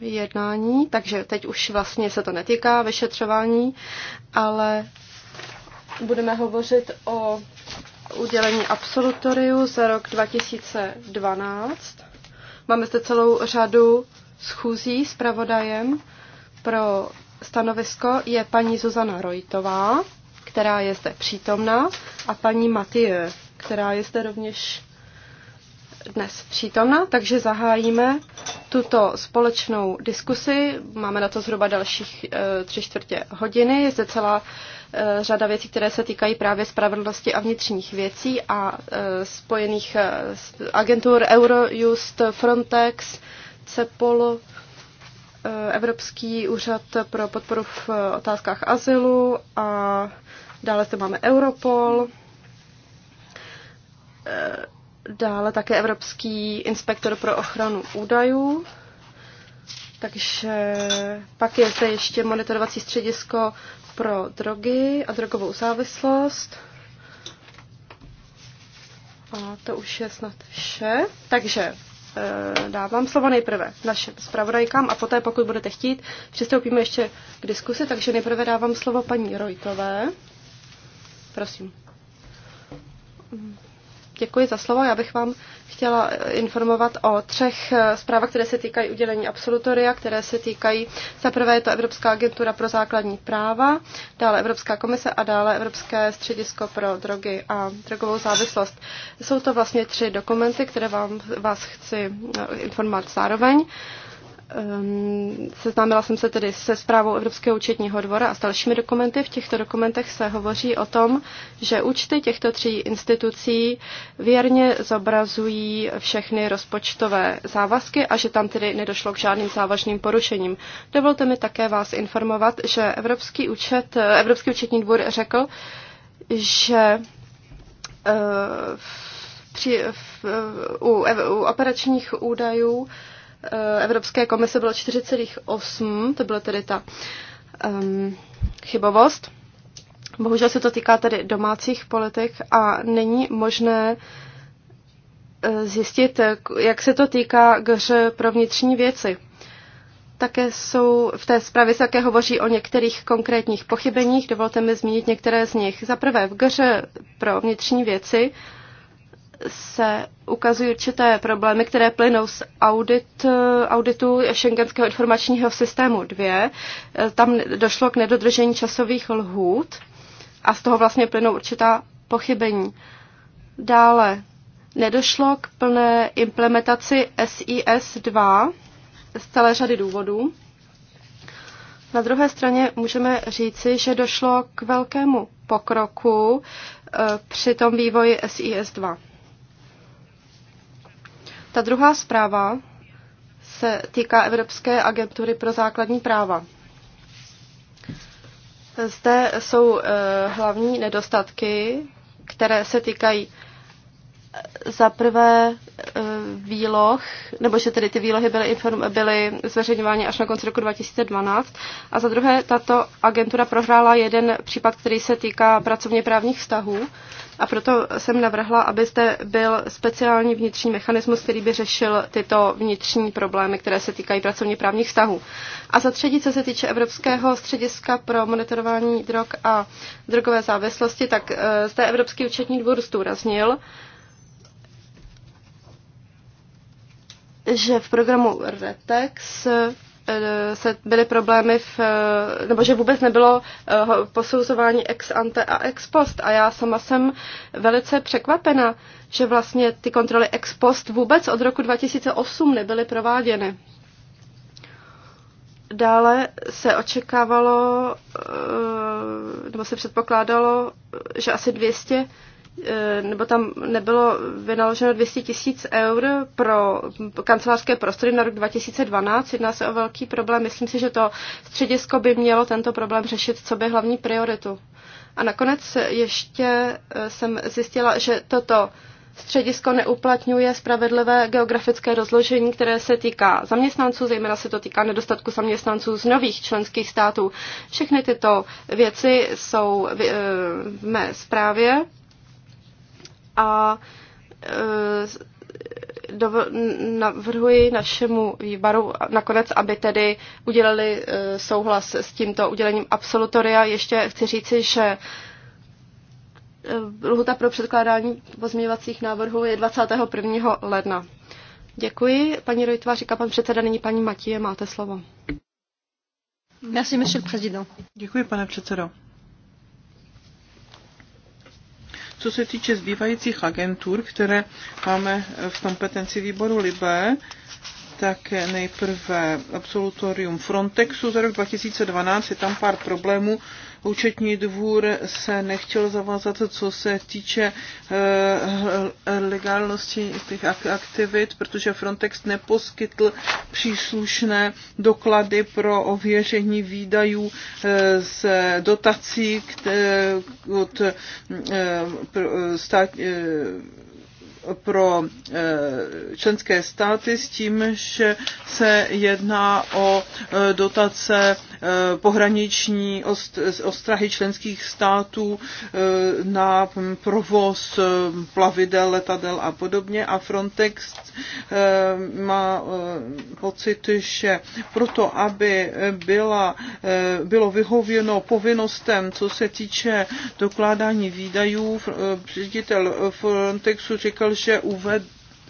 jednání, takže teď už vlastně se to netýká vyšetřování, ale budeme hovořit o udělení absolutoriu za rok 2012. Máme zde celou řadu schůzí s pravodajem pro stanovisko je paní Zuzana Rojtová, která je zde přítomná, a paní Matie, která je zde rovněž dnes přítomna, takže zahájíme tuto společnou diskusi. Máme na to zhruba dalších e, tři čtvrtě hodiny. Je zde celá e, řada věcí, které se týkají právě spravedlnosti a vnitřních věcí a e, spojených e, agentur Eurojust, Frontex, CEPOL, e, Evropský úřad pro podporu v otázkách azylu a dále zde máme Europol. E, dále také Evropský inspektor pro ochranu údajů. Takže pak je zde ještě monitorovací středisko pro drogy a drogovou závislost. A to už je snad vše. Takže eh, dávám slovo nejprve našim zpravodajkám a poté, pokud budete chtít, přistoupíme ještě k diskusi, takže nejprve dávám slovo paní Rojtové. Prosím. Děkuji za slovo. Já bych vám chtěla eh, informovat o třech eh, zprávách, které se týkají udělení absolutoria, které se týkají, za prvé je to Evropská agentura pro základní práva, dále Evropská komise a dále Evropské středisko pro drogy a drogovou závislost. Jsou to vlastně tři dokumenty, které vám, vás chci eh, informovat zároveň. Uh, Ehm, seznámila jsem se tedy se zprávou Evropského účetního dvora a s dalšími dokumenty. V těchto dokumentech se hovoří o tom, že účty těchto tří institucí věrně zobrazují všechny rozpočtové závazky a že tam tedy nedošlo k žádným závažným porušením. Dovolte mi také vás informovat, že Evropský, účet, Evropský účetní dvůr řekl, že eh, při, v, u, u operačních údajů Eh, Evropské komise bylo 4,8, to byla tedy ta um, chybovost. Bohužel se to týká tedy domácích politik a není možné eh, zjistit, jak se to týká GŘ pro vnitřní věci. Také jsou, v té zprávě také hovoří o některých konkrétních pochybeních, dovolte mi zmínit některé z nich. Za prvé, v GŘ pro vnitřní věci se ukazují určité problémy, které plynou z audit, eh, auditu Schengenského informačního systému 2. Eh, tam došlo k nedodržení časových lhůt a z toho vlastně plynou určitá pochybení. Dále nedošlo k plné implementaci SIS 2 z celé řady důvodů. Na druhé straně můžeme říci, že došlo k velkému pokroku eh, při tom vývoji SIS 2. Ta druhá zpráva se týká Evropské agentury pro základní práva. Zde jsou eh, hlavní nedostatky, které se týkají za prvé eh, výloh, nebo že tedy ty výlohy byly, byly zveřejňovány až na konci roku 2012. A za druhé, tato agentura prohrála jeden případ, který se týká pracovně právních vztahů. A proto jsem navrhla, zde byl speciální vnitřní mechanismus, který by řešil tyto vnitřní problémy, které se týkají pracovně právních vztahů. A za třetí, co se týče Evropského střediska pro monitorování drog a drogové závislosti, tak eh, zde Evropský účetní dvůr zdůraznil, že v programu RETEX eh, se byly problémy, v, eh, nebo že vůbec nebylo eh, posouzování ex ante a ex post. A já sama jsem velice překvapena, že vlastně ty kontroly ex post vůbec od roku 2008 nebyly prováděny. Dále se očekávalo, nebo se předpokládalo, že asi 200 Eh, nebo tam nebylo vynaloženo 200 tisíc eur pro kancelářské prostory na rok 2012. Jedná se o velký problém. Myslím si, že to středisko by mělo tento problém řešit, co by hlavní prioritu. A nakonec ještě eh, jsem zjistila, že toto středisko neuplatňuje spravedlivé geografické rozložení, které se týká zaměstnanců, zejména se to týká nedostatku zaměstnanců z nových členských států. Všechny tyto věci jsou v eh, mé zprávě a e, navrhuji našemu výboru nakonec, aby tedy udělali e, souhlas s tímto udělením absolutoria. Ještě chci říci, že e, lhuta pro předkládání pozměňovacích návrhů je 21. ledna. Děkuji. Paní Rojtová říká pan předseda, nyní paní Matíje, máte slovo. Merci, monsieur le président. Děkuji, pane předsedo. Co se týče zbývajících agentur, které máme v kompetenci výboru LIBE, tak nejprve absolutorium Frontexu za rok 2012. Je tam pár problémů účetní dvůr se nechtěl zavázat, co se týče eh, legálnosti těch aktivit, protože Frontex neposkytl příslušné doklady pro ověření výdajů eh, z dotací eh, od pro eh, členské státy s tím, že se jedná o eh, dotace eh, pohraniční ostrahy členských států na provoz plavidel, letadel a podobně. A Frontex má pocit, že proto, aby byla, bylo vyhověno povinnostem, co se týče dokládání výdajů, ředitel Frontexu říkal, že uved,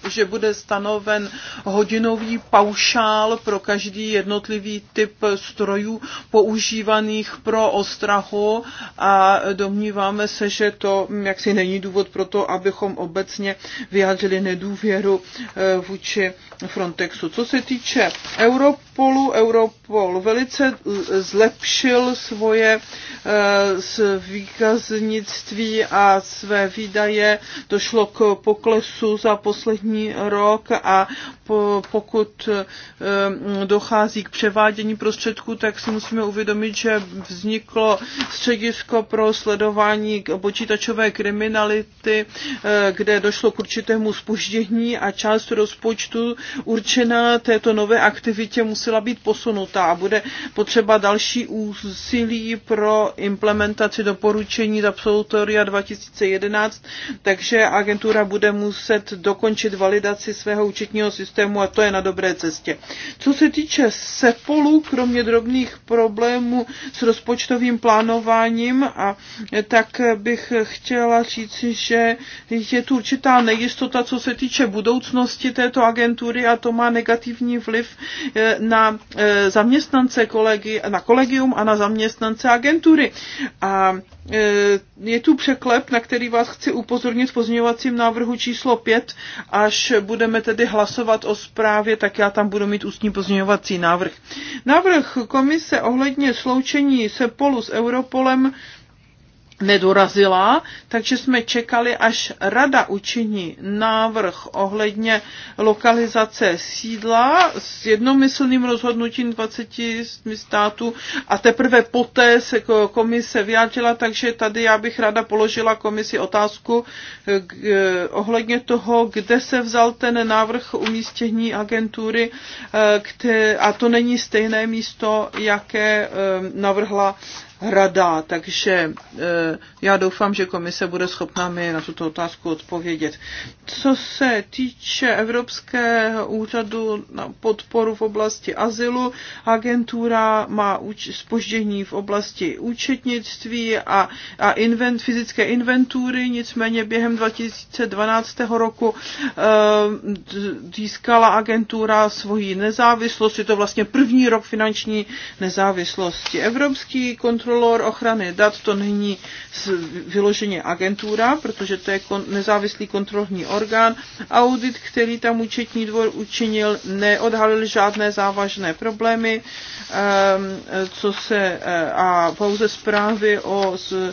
že bude stanoven hodinový paušál pro každý jednotlivý typ strojů používaných pro ostrahu a domníváme se, že to jaksi není důvod pro to, abychom obecně vyjádřili nedůvěru eh, vůči Frontexu. Co se týče Europolu, Europol velice eh, zlepšil svoje eh, výkaznictví a své výdaje. Došlo k poklesu za poslední rok a pokud eh, dochází k převádění prostředků, tak si musíme uvědomit, že vzniklo středisko pro sledování počítačové kriminality, kde došlo k určitému spoždění a část rozpočtu určená této nové aktivitě musela být posunuta a bude potřeba další úsilí pro implementaci doporučení z absolutoria 2011, takže agentura bude muset dokončit validaci svého účetního systému a to je na dobré cestě. Co se týče SEPOLu, kromě drobných problémů s rozpočtovým plánováním, a tak bych chtěla říci, že je tu určitá nejistota, co se týče budoucnosti této agentury kolegy a to má negativní vliv eh, na eh, zaměstnance kolegy, na kolegium a na zaměstnance agentury. A eh, je tu překlep, na který vás chci upozornit v pozměňovacím návrhu číslo 5, až budeme tedy hlasovat o zprávě, tak já tam budu mít ústní pozměňovací návrh. Návrh komise ohledně sloučení SEPOLu s Europolem nedorazila, takže jsme čekali, až rada učiní návrh ohledně lokalizace sídla s jednomyslným rozhodnutím 20 států a teprve poté se komise vyjádřila, takže tady já bych ráda položila komisi otázku eh, eh, ohledně toho, kde se vzal ten návrh umístění agentury eh, a to není stejné místo, jaké navrhla rada, takže eh, já doufám, že komise bude schopná mi na tuto otázku odpovědět. Co se týče Evropského úřadu na podporu v oblasti azylu, agentura má spoždění v oblasti účetnictví a, a invent, fyzické inventury, nicméně během 2012 roku eh, získala agentura svoji nezávislost, je to vlastně první rok finanční nezávislosti. Evropský kontrol kontrolor ochrany dat to není vyloženě agentura, protože to je kon, nezávislý kontrolní orgán. Audit, který tam účetní dvor učinil, neodhalil žádné závažné problémy, ehm, co se eh, a pouze zprávy o z, eh,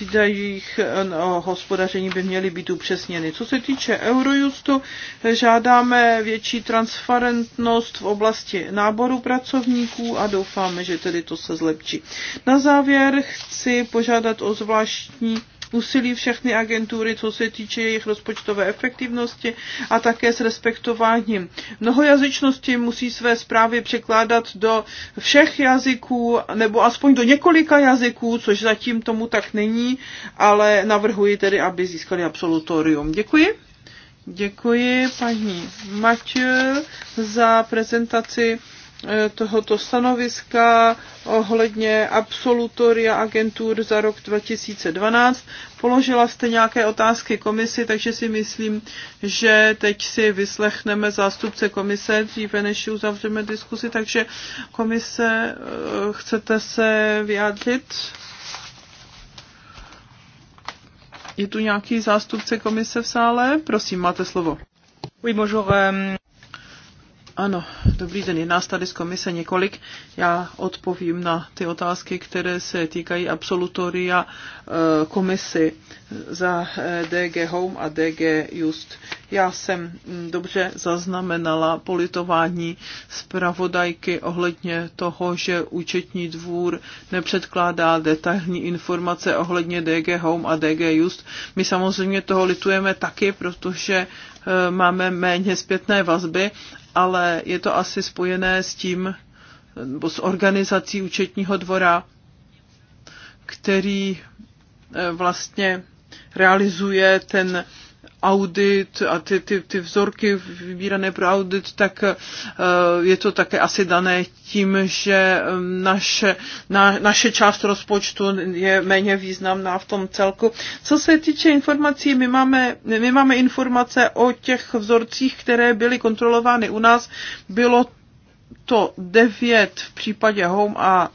výdajích eh, o hospodaření by měly být upřesněny. Co se týče Eurojustu, žádáme větší transparentnost v oblasti náboru pracovníků a doufáme, že tedy to se zlepší. Na závěr chci požádat o zvláštní úsilí všechny agentury, co se týče jejich rozpočtové efektivnosti a také s respektováním. Mnohojazyčnosti musí své zprávy překládat do všech jazyků nebo aspoň do několika jazyků, což zatím tomu tak není, ale navrhuji tedy, aby získali absolutorium. Děkuji. Děkuji paní Matěj za prezentaci Eh, tohoto stanoviska ohledně absolutoria agentur za rok 2012. Položila jste nějaké otázky komisi, takže si myslím, že teď si vyslechneme zástupce komise, dříve než uzavřeme diskusi, takže komise, eh, chcete se vyjádřit? Je tu nějaký zástupce komise v sále? Prosím, máte slovo. Oui, bonjour. Um... Ano, dobrý den, je nás tady z komise několik. Já odpovím na ty otázky, které se týkají absolutoria eh, komisy za eh, DG Home a DG Just. Já jsem mm, dobře zaznamenala politování zpravodajky ohledně toho, že účetní dvůr nepředkládá detailní informace ohledně DG Home a DG Just. My samozřejmě toho litujeme taky, protože eh, máme méně zpětné vazby ale je to asi spojené s tím, nebo s organizací účetního dvora, který eh, vlastně realizuje ten audit a ty, ty, ty vzorky vybírané pro audit, tak eh, je to také asi dané tím, že eh, naše, na, naše část rozpočtu je méně významná v tom celku. Co se týče informací, my máme, my máme informace o těch vzorcích, které byly kontrolovány u nás. Bylo to devět v případě Home a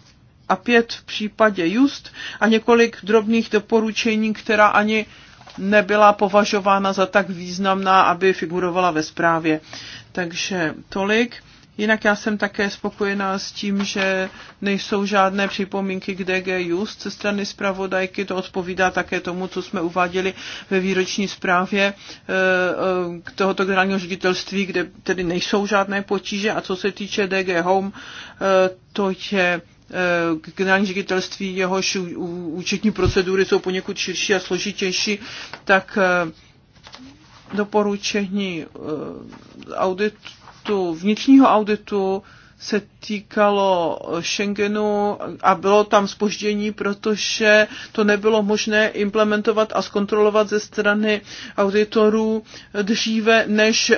a pět v případě Just a několik drobných doporučení, která ani nebyla považována za tak významná, aby figurovala ve zprávě. Takže tolik. Jinak já jsem také spokojená s tím, že nejsou žádné připomínky k DG Just ze strany zpravodajky. To odpovídá také tomu, co jsme uváděli ve výroční zprávě eh, eh, k tohoto generálního ředitelství, kde tedy nejsou žádné potíže. A co se týče DG Home, eh, to je Eh, generální ředitelství, jehož účetní procedury jsou poněkud širší a složitější, tak eh, doporučení eh, auditu, vnitřního auditu se týkalo Schengenu a bylo tam spoždění, protože to nebylo možné implementovat a zkontrolovat ze strany auditorů dříve, než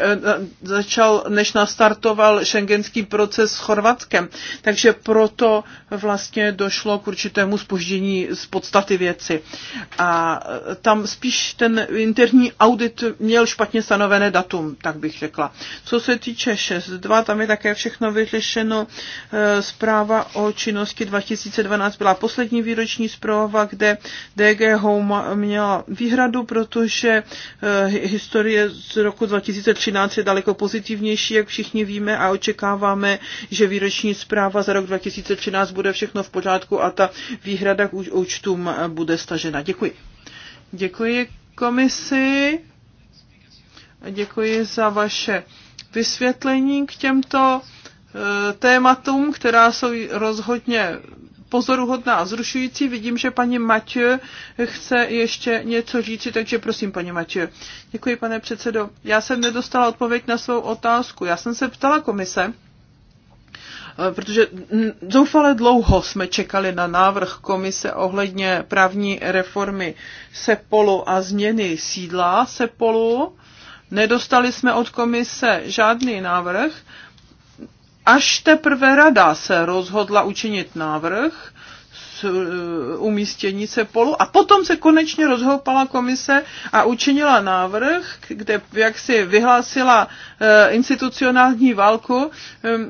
začal, než nastartoval šengenský proces s Chorvatskem. Takže proto vlastně došlo k určitému spoždění z podstaty věci. A tam spíš ten interní audit měl špatně stanovené datum, tak bych řekla. Co se týče 6.2, tam je také všechno vyřešené řešeno. Eh, zpráva o činnosti 2012 byla poslední výroční zpráva, kde DG Home měla výhradu, protože eh, historie z roku 2013 je daleko pozitivnější, jak všichni víme a očekáváme, že výroční zpráva za rok 2013 bude všechno v pořádku a ta výhrada k účtům eh, bude stažena. Děkuji. Děkuji komisi. Děkuji za vaše vysvětlení k těmto Eh, tématům, která jsou rozhodně pozoruhodná a zrušující. Vidím, že paní Matě chce ještě něco říci, takže prosím, paní Matě. Děkuji, pane předsedo. Já jsem nedostala odpověď na svou otázku. Já jsem se ptala komise, eh, protože zoufale dlouho jsme čekali na návrh komise ohledně právní reformy Sepolu a změny sídla Sepolu. Nedostali jsme od komise žádný návrh Až teprve rada se rozhodla učinit návrh s e, umístění polu a potom se konečně rozhoupala komise a učinila návrh, kde jak si vyhlásila e, institucionální válku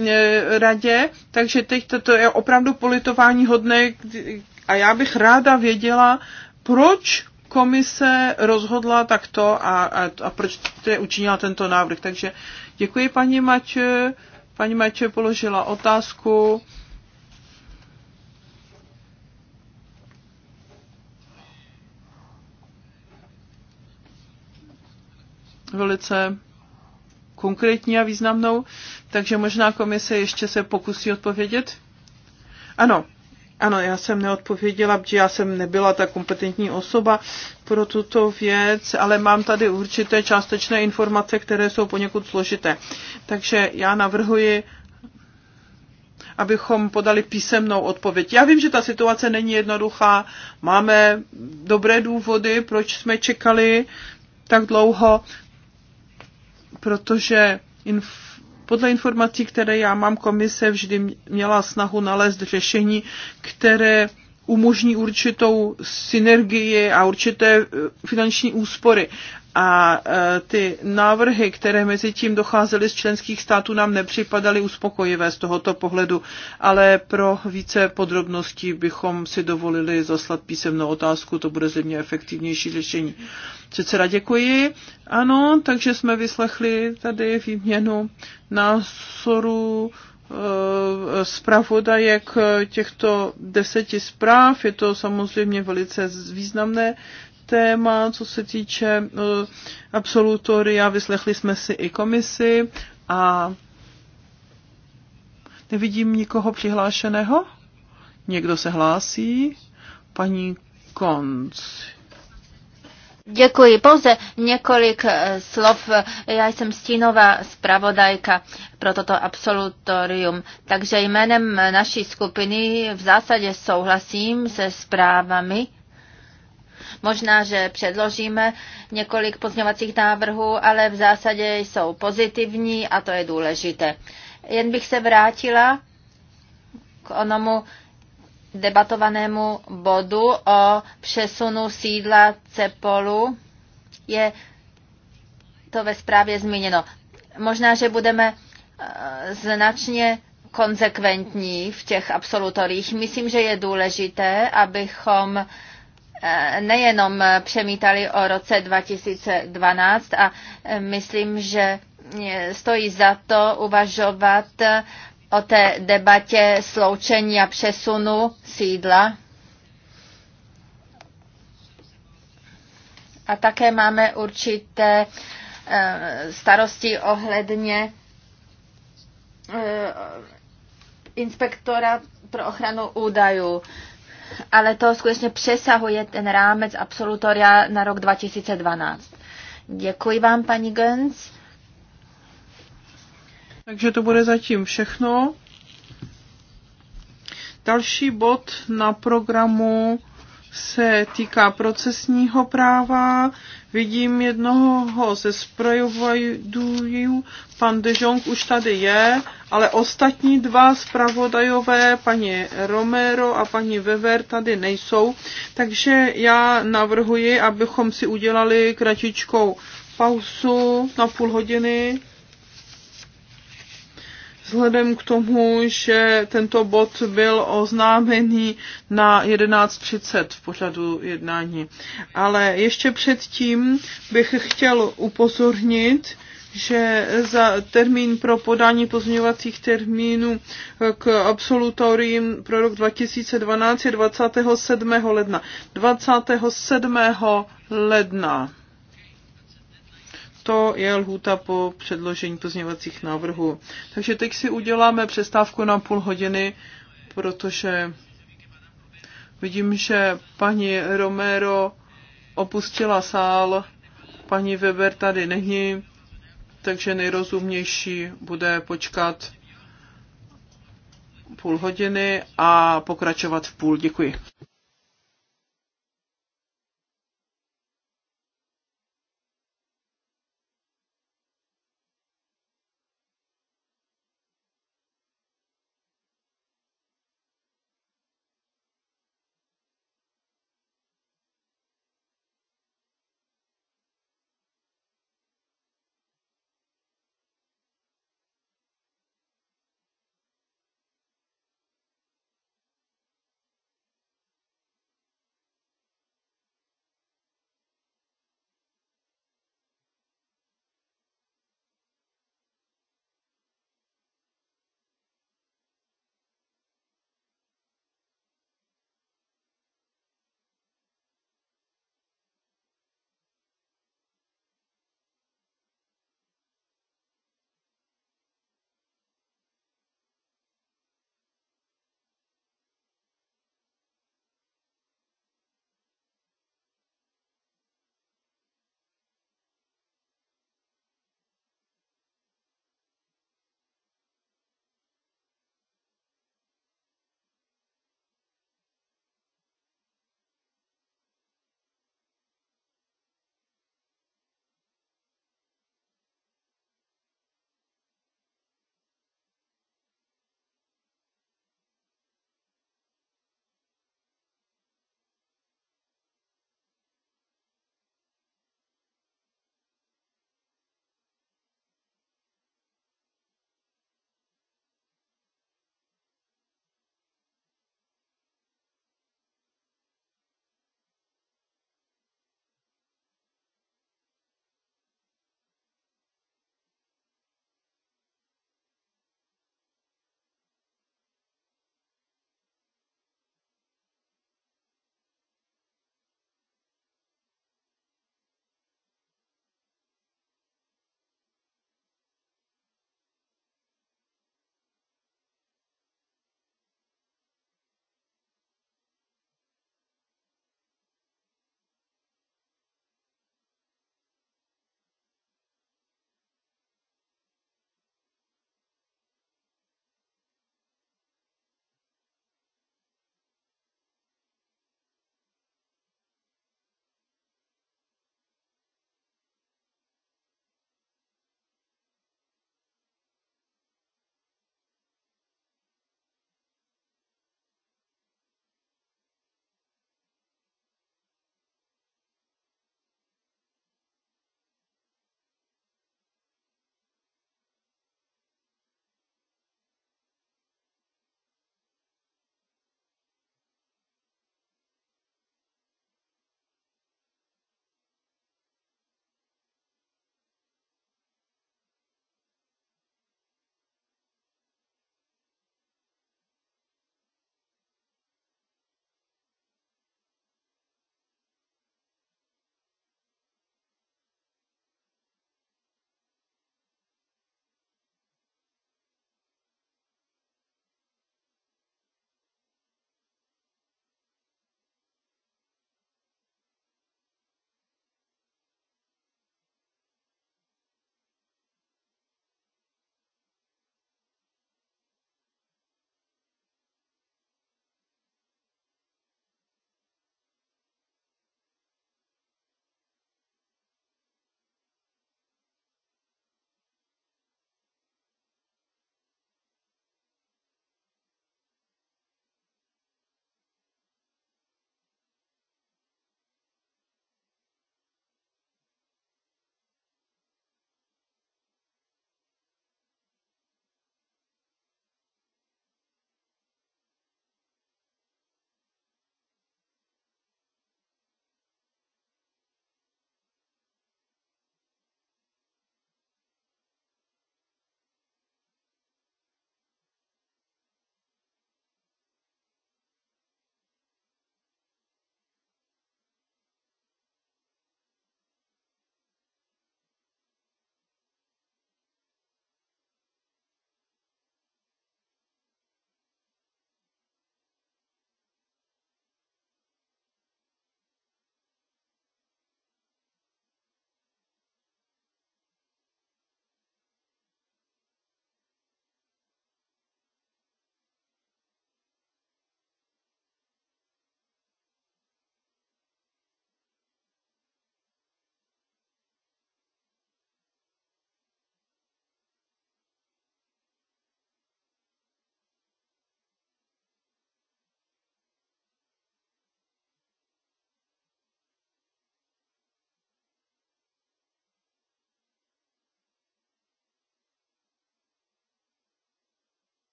e, radě, takže teď toto je opravdu politování hodné a já bych ráda věděla, proč komise rozhodla takto a, a, a proč učinila tento návrh. Takže děkuji paní Maťu. Paní Meče položila otázku. Velice konkrétní a významnou, takže možná komise ještě se pokusí odpovědět. Ano, ano, já jsem neodpověděla, protože já jsem nebyla ta kompetentní osoba pro tuto věc, ale mám tady určité částečné informace, které jsou poněkud složité. Takže já navrhuji, abychom podali písemnou odpověď. Já vím, že ta situace není jednoduchá, máme dobré důvody, proč jsme čekali tak dlouho, protože inf- podle informací, které já mám, komise vždy měla snahu nalézt řešení, které umožní určitou synergii a určité eh, finanční úspory a e, ty návrhy, které mezi tím docházely z členských států, nám nepřipadaly uspokojivé z tohoto pohledu, ale pro více podrobností bychom si dovolili zaslat písemnou otázku, to bude zřejmě efektivnější řešení. Předseda, děkuji. Ano, takže jsme vyslechli tady výměnu názorů e, zpravodajek těchto deseti zpráv. Je to samozřejmě velice významné téma, co se týče eh, absolutoria. Vyslechli jsme si i komisi a nevidím nikoho přihlášeného. Někdo se hlásí? Paní Konc. Děkuji. Pouze několik eh, slov. Já jsem stínová zpravodajka pro toto absolutorium, takže jménem naší skupiny v zásadě souhlasím se zprávami Možná, že předložíme několik pozměňovacích návrhů, ale v zásadě jsou pozitivní a to je důležité. Jen bych se vrátila k onomu debatovanému bodu o přesunu sídla Cepolu. Je to ve zprávě zmíněno. Možná, že budeme eh, značně konzekventní v těch absolutorích. Myslím, že je důležité, abychom Eh, nejenom přemítali o roce 2012 a eh, myslím, že eh, stojí za to uvažovat o té debatě sloučení a přesunu sídla. A také máme určité starosti ohledně inspektora pro ochranu údajů ale to skutečně přesahuje ten rámec absolutoria na rok 2012. Děkuji vám, paní Gens. Takže to bude zatím všechno. Další bod na programu se týká procesního práva. Vidím jednoho ze zpravodajů, pan Dežong už tady je, ale ostatní dva zpravodajové, paní Romero a paní Weber, tady nejsou. Takže já navrhuji, abychom si udělali kratičkou pauzu na půl hodiny vzhledem k tomu, že tento bod byl oznámený na 11.30 v pořadu jednání. Ale ještě předtím bych chtěl upozornit, že za termín pro podání pozměňovacích termínů k absolutorium pro rok 2012 je 27. ledna. 27. ledna to je lhůta po předložení pozměňovacích návrhů. Takže teď si uděláme přestávku na půl hodiny, protože vidím, že paní Romero opustila sál, paní Weber tady není, takže nejrozumnější bude počkat půl hodiny a pokračovat v půl. Děkuji.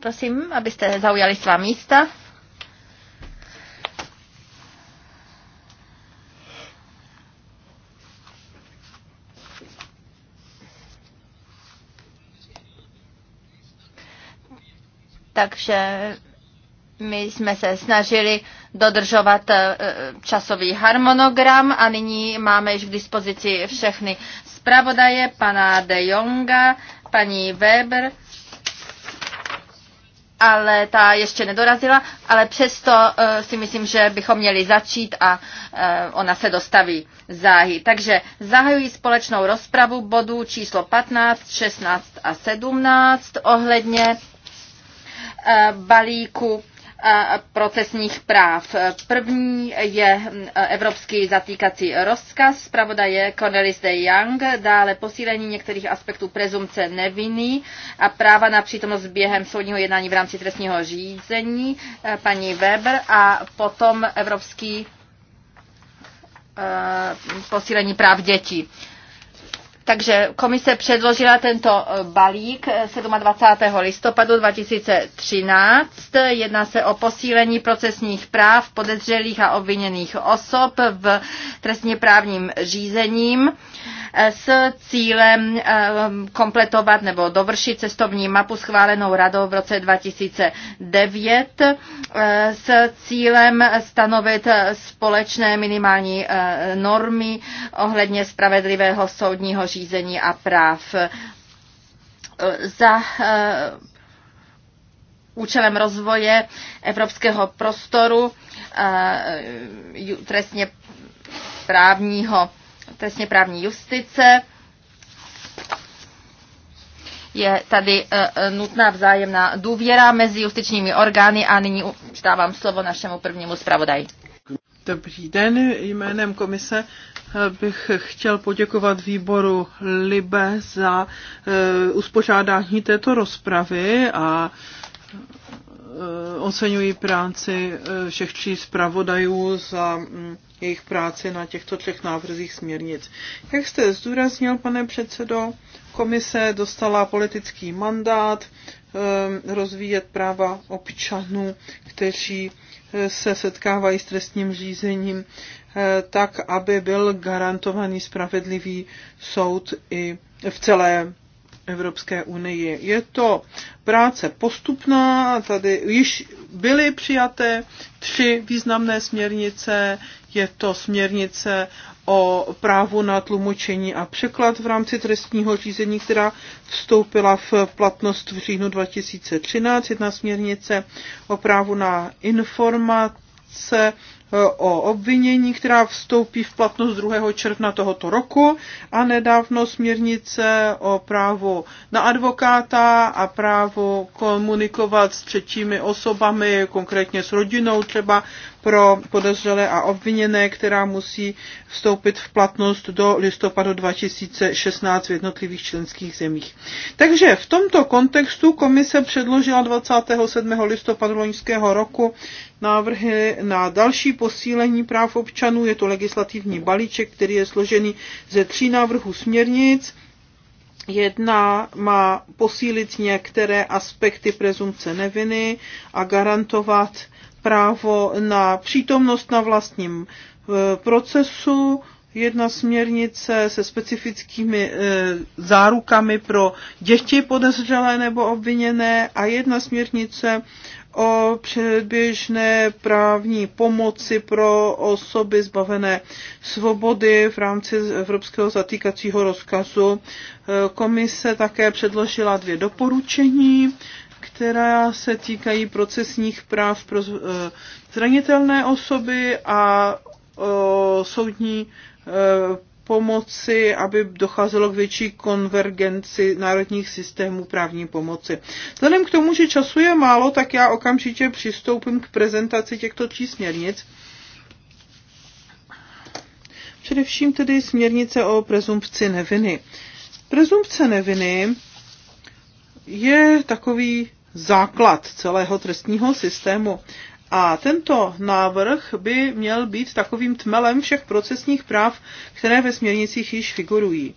Prosím, abyste zaujali svá místa. Takže my jsme se snažili dodržovat eh, časový harmonogram a nyní máme již k dispozici všechny zpravodaje, pana De Jonga, paní Weber, ale ta ještě nedorazila, ale přesto eh, si myslím, že bychom měli začít a eh, ona se dostaví záhy. Takže zahajuji společnou rozpravu bodů číslo 15, 16 a 17 ohledně eh, balíku procesních práv. První je hm, evropský zatýkací rozkaz je Cornelis de Young, dále posílení některých aspektů prezumce neviny a práva na přítomnost během soudního jednání v rámci trestního řízení eh, paní Weber a potom evropský eh, posílení práv dětí. Takže komise předložila tento e, balík 27. E, listopadu 2013. Jedná se o posílení procesních práv podezřelých a obviněných osob v trestně právním řízením Eh, s cílem eh, kompletovat nebo dovršit cestovní mapu schválenou radou v roce 2009 eh, s cílem stanovit společné minimální normy ohledně spravedlivého soudního řízení a práv. Za účelem rozvoje evropského prostoru trestně právního trestně právní justice. Je tady eh, eh, nutná vzájemná důvěra mezi justičními orgány a nyní dávám slovo našemu prvnímu zpravodaji. Dobrý den, jménem komise eh, bych chtěl poděkovat výboru Libe za uspořádání této rozpravy a Eh, oceňuji práci eh, všech tří zpravodajů za mm, jejich práci na těchto třech návrzích směrnic. Jak jste zdůraznil, pane předsedo, komise dostala politický mandát eh, rozvíjet práva občanů, kteří se setkávají s trestním řízením, tak, aby byl garantovaný spravedlivý soud i v celé Evropské unii. Je to práce postupná, tady již byly přijaté tři významné směrnice, je to směrnice o právu na tlumočení a překlad v rámci trestního řízení, která vstoupila v platnost v říjnu 2013, jedna směrnice o právu na informace, o obvinění, která vstoupí v platnost 2. června tohoto roku a nedávno směrnice o právu na advokáta a právu komunikovat s třetími osobami, konkrétně s rodinou třeba pro podezřelé a obviněné, která musí vstoupit v platnost do listopadu 2016 v jednotlivých členských zemích. Takže v tomto kontextu komise předložila 27. listopadu loňského roku návrhy na další posílení práv občanů. Je to legislativní balíček, který je složený ze tří návrhů směrnic. Jedna má posílit některé aspekty prezumce neviny a garantovat právo na přítomnost na vlastním eh, procesu, jedna směrnice se specifickými e, zárukami pro děti podezřelé nebo obviněné a jedna směrnice o předběžné právní pomoci pro osoby zbavené svobody v rámci Evropského zatýkacího rozkazu. Eh, komise také předložila dvě doporučení která se týkají procesních práv pro eh, zranitelné osoby a eh, soudní eh, pomoci, aby docházelo k větší konvergenci národních systémů právní pomoci. Vzhledem k tomu, že času je málo, tak já okamžitě přistoupím k prezentaci těchto tří směrnic. Především tedy směrnice o prezumpci neviny. Prezumpce neviny je takový základ celého trestního systému. A tento návrh by měl být takovým tmelem všech procesních práv, které ve směrnicích již figurují.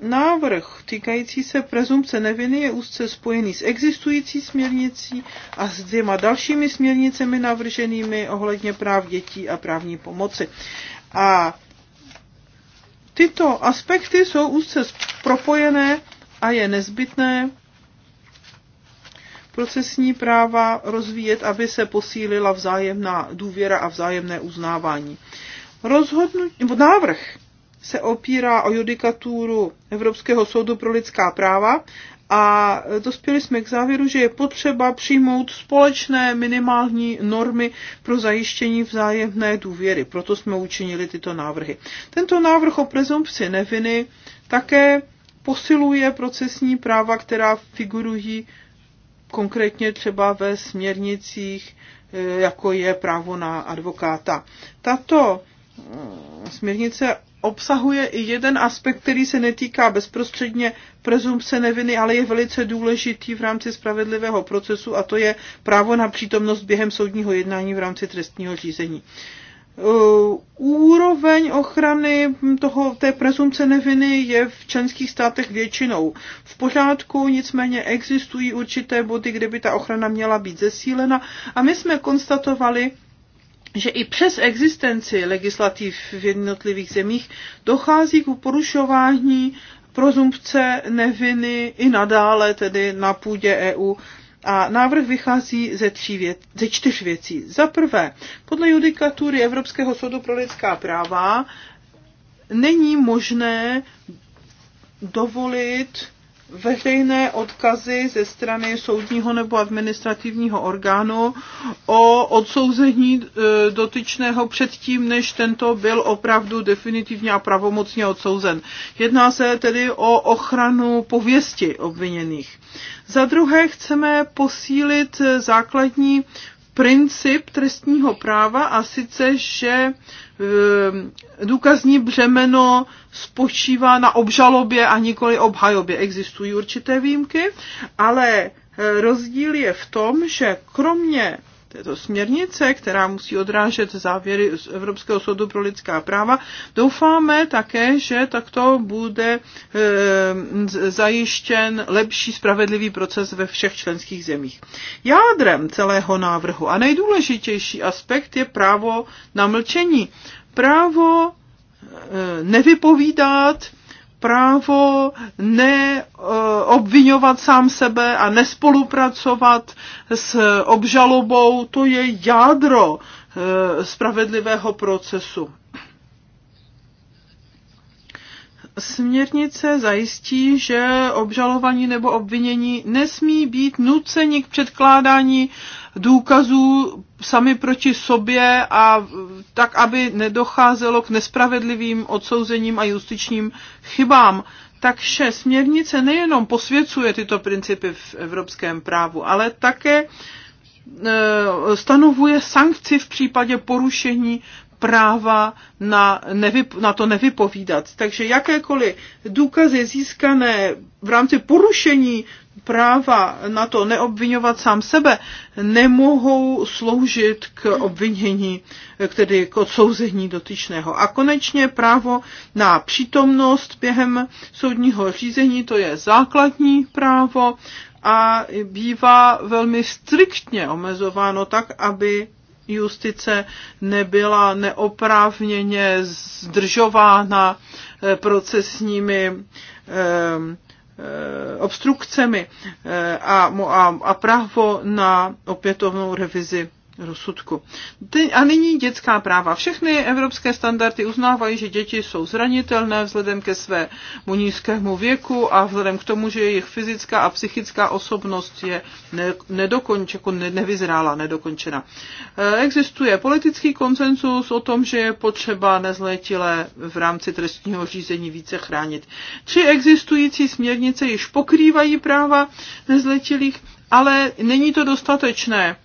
Návrh týkající se prezumce neviny je úzce spojený s existující směrnicí a s dvěma dalšími směrnicemi navrženými ohledně práv dětí a právní pomoci. A tyto aspekty jsou úzce propojené a je nezbytné procesní práva rozvíjet, aby se posílila vzájemná důvěra a vzájemné uznávání. Rozhodnu, nebo návrh se opírá o judikaturu Evropského soudu pro lidská práva a dospěli jsme k závěru, že je potřeba přijmout společné minimální normy pro zajištění vzájemné důvěry. Proto jsme učinili tyto návrhy. Tento návrh o prezumpci neviny také posiluje procesní práva, která figurují konkrétně třeba ve směrnicích, eh, jako je právo na advokáta. Tato eh, směrnice obsahuje i jeden aspekt, který se netýká bezprostředně prezumpce neviny, ale je velice důležitý v rámci spravedlivého procesu a to je právo na přítomnost během soudního jednání v rámci trestního řízení. Uh, úroveň ochrany toho, té prezumce neviny je v členských státech většinou v pořádku, nicméně existují určité body, kde by ta ochrana měla být zesílena a my jsme konstatovali, že i přes existenci legislativ v jednotlivých zemích dochází k porušování prozumpce neviny i nadále, tedy na půdě EU a návrh vychází ze, tří věc, ze čtyř věcí. Za prvé, podle judikatury Evropského soudu pro lidská práva není možné dovolit veřejné odkazy ze strany soudního nebo administrativního orgánu o odsouzení e, dotyčného předtím, než tento byl opravdu definitivně a pravomocně odsouzen. Jedná se tedy o ochranu pověsti obviněných. Za druhé chceme posílit základní princip trestního práva a sice, že Eh, důkazní břemeno spočívá na obžalobě a nikoli obhajobě. Existují určité výjimky, ale eh, rozdíl je v tom, že kromě této směrnice, která musí odrážet závěry z Evropského soudu pro lidská práva. Doufáme také, že takto bude eh, zajištěn lepší spravedlivý proces ve všech členských zemích. Jádrem celého návrhu a nejdůležitější aspekt je právo na mlčení. Právo eh, nevypovídat právo neobvinovat eh, sám sebe a nespolupracovat s obžalobou, to je jádro eh, spravedlivého procesu. Směrnice zajistí, že obžalovaní nebo obvinění nesmí být nuceni k předkládání důkazů sami proti sobě a tak, aby nedocházelo k nespravedlivým odsouzením a justičním chybám. Takže směrnice nejenom posvěcuje tyto principy v evropském právu, ale také eh, stanovuje sankci v případě porušení práva na, nevyp- na to nevypovídat. Takže jakékoliv důkazy získané v rámci porušení práva na to neobvinovat sám sebe nemohou sloužit k obvinění, k tedy k odsouzení dotyčného. A konečně právo na přítomnost během soudního řízení, to je základní právo a bývá velmi striktně omezováno tak, aby justice nebyla neoprávněně zdržována eh, procesními eh, eh, obstrukcemi a, právo na opětovnou revizi rozsudku. A nyní dětská práva. Všechny evropské standardy uznávají, že děti jsou zranitelné vzhledem ke svému nízkému věku a vzhledem k tomu, že jejich fyzická a psychická osobnost je nedokonč, jako nevyzrála, nedokončena. E, existuje politický konsensus o tom, že je potřeba nezletilé v rámci trestního řízení více chránit. Tři existující směrnice již pokrývají práva nezletilých, ale není to dostatečné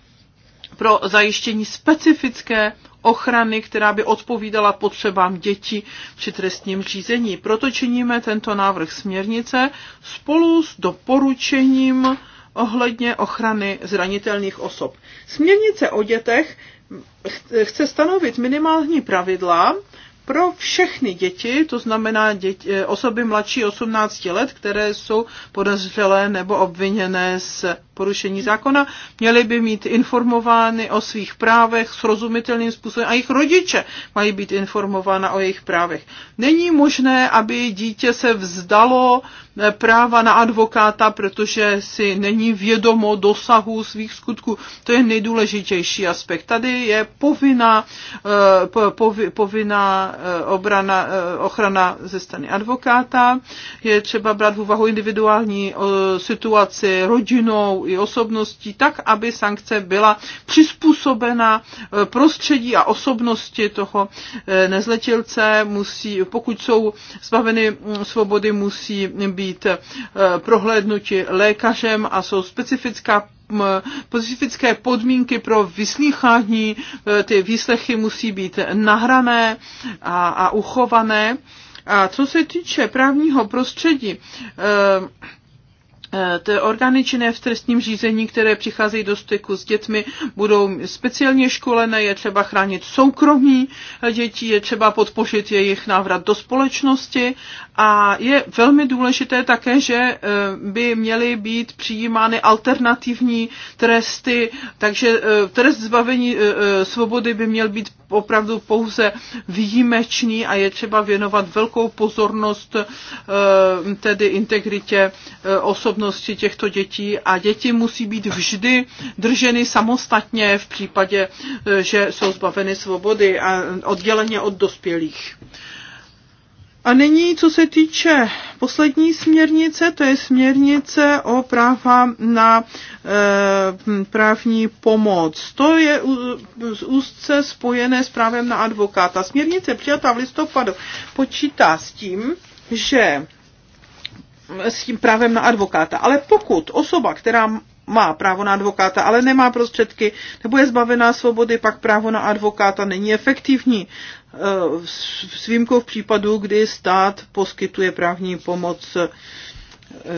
pro zajištění specifické ochrany, která by odpovídala potřebám dětí při trestním řízení. Proto činíme tento návrh směrnice spolu s doporučením ohledně ochrany zranitelných osob. Směrnice o dětech chce stanovit minimální pravidla pro všechny děti, to znamená děti, eh, osoby mladší 18 let, které jsou podezřelé nebo obviněné z porušení zákona, měly by mít informovány o svých právech srozumitelným způsobem a jejich rodiče mají být informována o jejich právech. Není možné, aby dítě se vzdalo eh, práva na advokáta, protože si není vědomo dosahu svých skutků. To je nejdůležitější aspekt. Tady je povinná, eh, povinná eh, obrana, ochrana ze strany advokáta. Je třeba brát v úvahu individuální situaci rodinou, i osobností tak, aby sankce byla přizpůsobena eh, prostředí a osobnosti toho eh, nezletilce. Musí, pokud jsou zbaveny mm, svobody, musí být eh, prohlédnuti lékařem a jsou specifická mm, specifické podmínky pro vyslýchání, ty výslechy musí být nahrané a, a uchované. A co se týče právního prostředí, eh, Eh, orgány činné v trestním řízení, které přicházejí do styku s dětmi, budou speciálně školené, je třeba chránit soukromí eh, dětí, je třeba podpořit jejich návrat do společnosti a je velmi důležité také, že eh, by měly být přijímány alternativní tresty, takže eh, trest zbavení eh, svobody by měl být opravdu pouze výjimečný a je třeba věnovat velkou pozornost tedy integritě osobnosti těchto dětí a děti musí být vždy drženy samostatně v případě, že jsou zbaveny svobody a odděleně od dospělých. A nyní, co se týče poslední směrnice, to je směrnice o práva na e, právní pomoc. To je úzce spojené s právem na advokáta. Směrnice přijatá v listopadu počítá s tím, že s tím právem na advokáta. Ale pokud osoba, která má právo na advokáta, ale nemá prostředky, nebo je zbavená svobody, pak právo na advokáta není efektivní. E, s výjimkou v případu, kdy stát poskytuje právní pomoc e,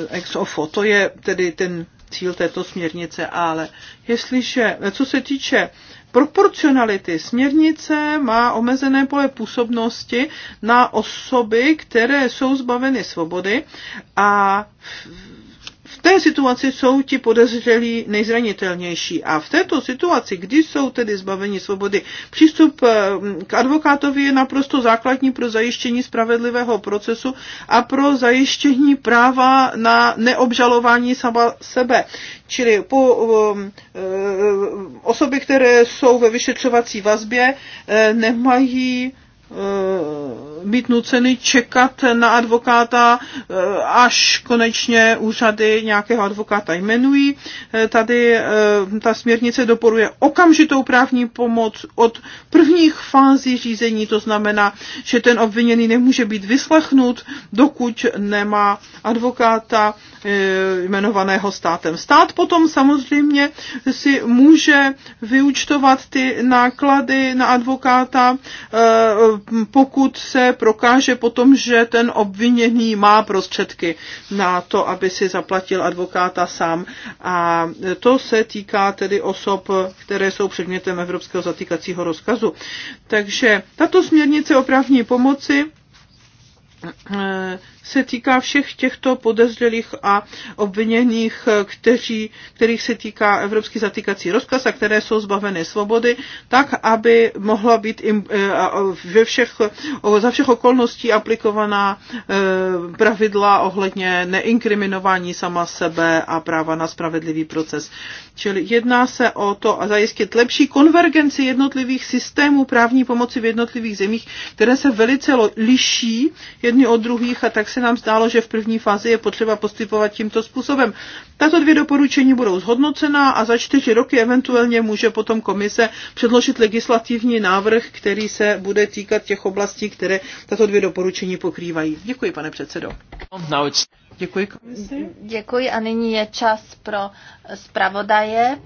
ex ofo. To je tedy ten cíl této směrnice, ale jestliže, co se týče proporcionality, směrnice má omezené pole působnosti na osoby, které jsou zbaveny svobody a v té situaci jsou ti podezřelí nejzranitelnější. A v této situaci, kdy jsou tedy zbaveni svobody, přístup eh, k advokátovi je naprosto základní pro zajištění spravedlivého procesu a pro zajištění práva na neobžalování sama sebe. Čili po, um, eh, osoby, které jsou ve vyšetřovací vazbě, eh, nemají Eh, být nuceny čekat na advokáta, eh, až konečně úřady nějakého advokáta jmenují. Eh, tady ta směrnice doporuje okamžitou právní pomoc od prvních fází řízení, to znamená, že ten obviněný nemůže být vyslechnut, dokud nemá advokáta jmenovaného státem. Stát potom samozřejmě si může vyučtovat ty náklady na advokáta pokud se prokáže potom, že ten obviněný má prostředky na to, aby si zaplatil advokáta sám. A to se týká tedy osob, které jsou předmětem Evropského zatýkacího rozkazu. Takže tato směrnice o právní pomoci eh, se týká všech těchto podezřelých a obviněných, kteří, kterých se týká evropský zatýkací rozkaz a které jsou zbaveny svobody, tak, aby mohla být im, eh, ve všech, za všech okolností aplikovaná eh, pravidla ohledně neinkriminování sama sebe a práva na spravedlivý proces. Čili jedná se o to a zajistit lepší konvergenci jednotlivých systémů právní pomoci v jednotlivých zemích, které se velice liší jedny od druhých a tak se nám zdálo, že v první fázi je potřeba postupovat tímto způsobem. Tato dvě doporučení budou zhodnocena a za čtyři roky eventuálně může potom komise předložit legislativní návrh, který se bude týkat těch oblastí, které tato dvě doporučení pokrývají. Děkuji, pane předsedo. Děkuji komisi. Děkuji a nyní je čas pro zpravodaje.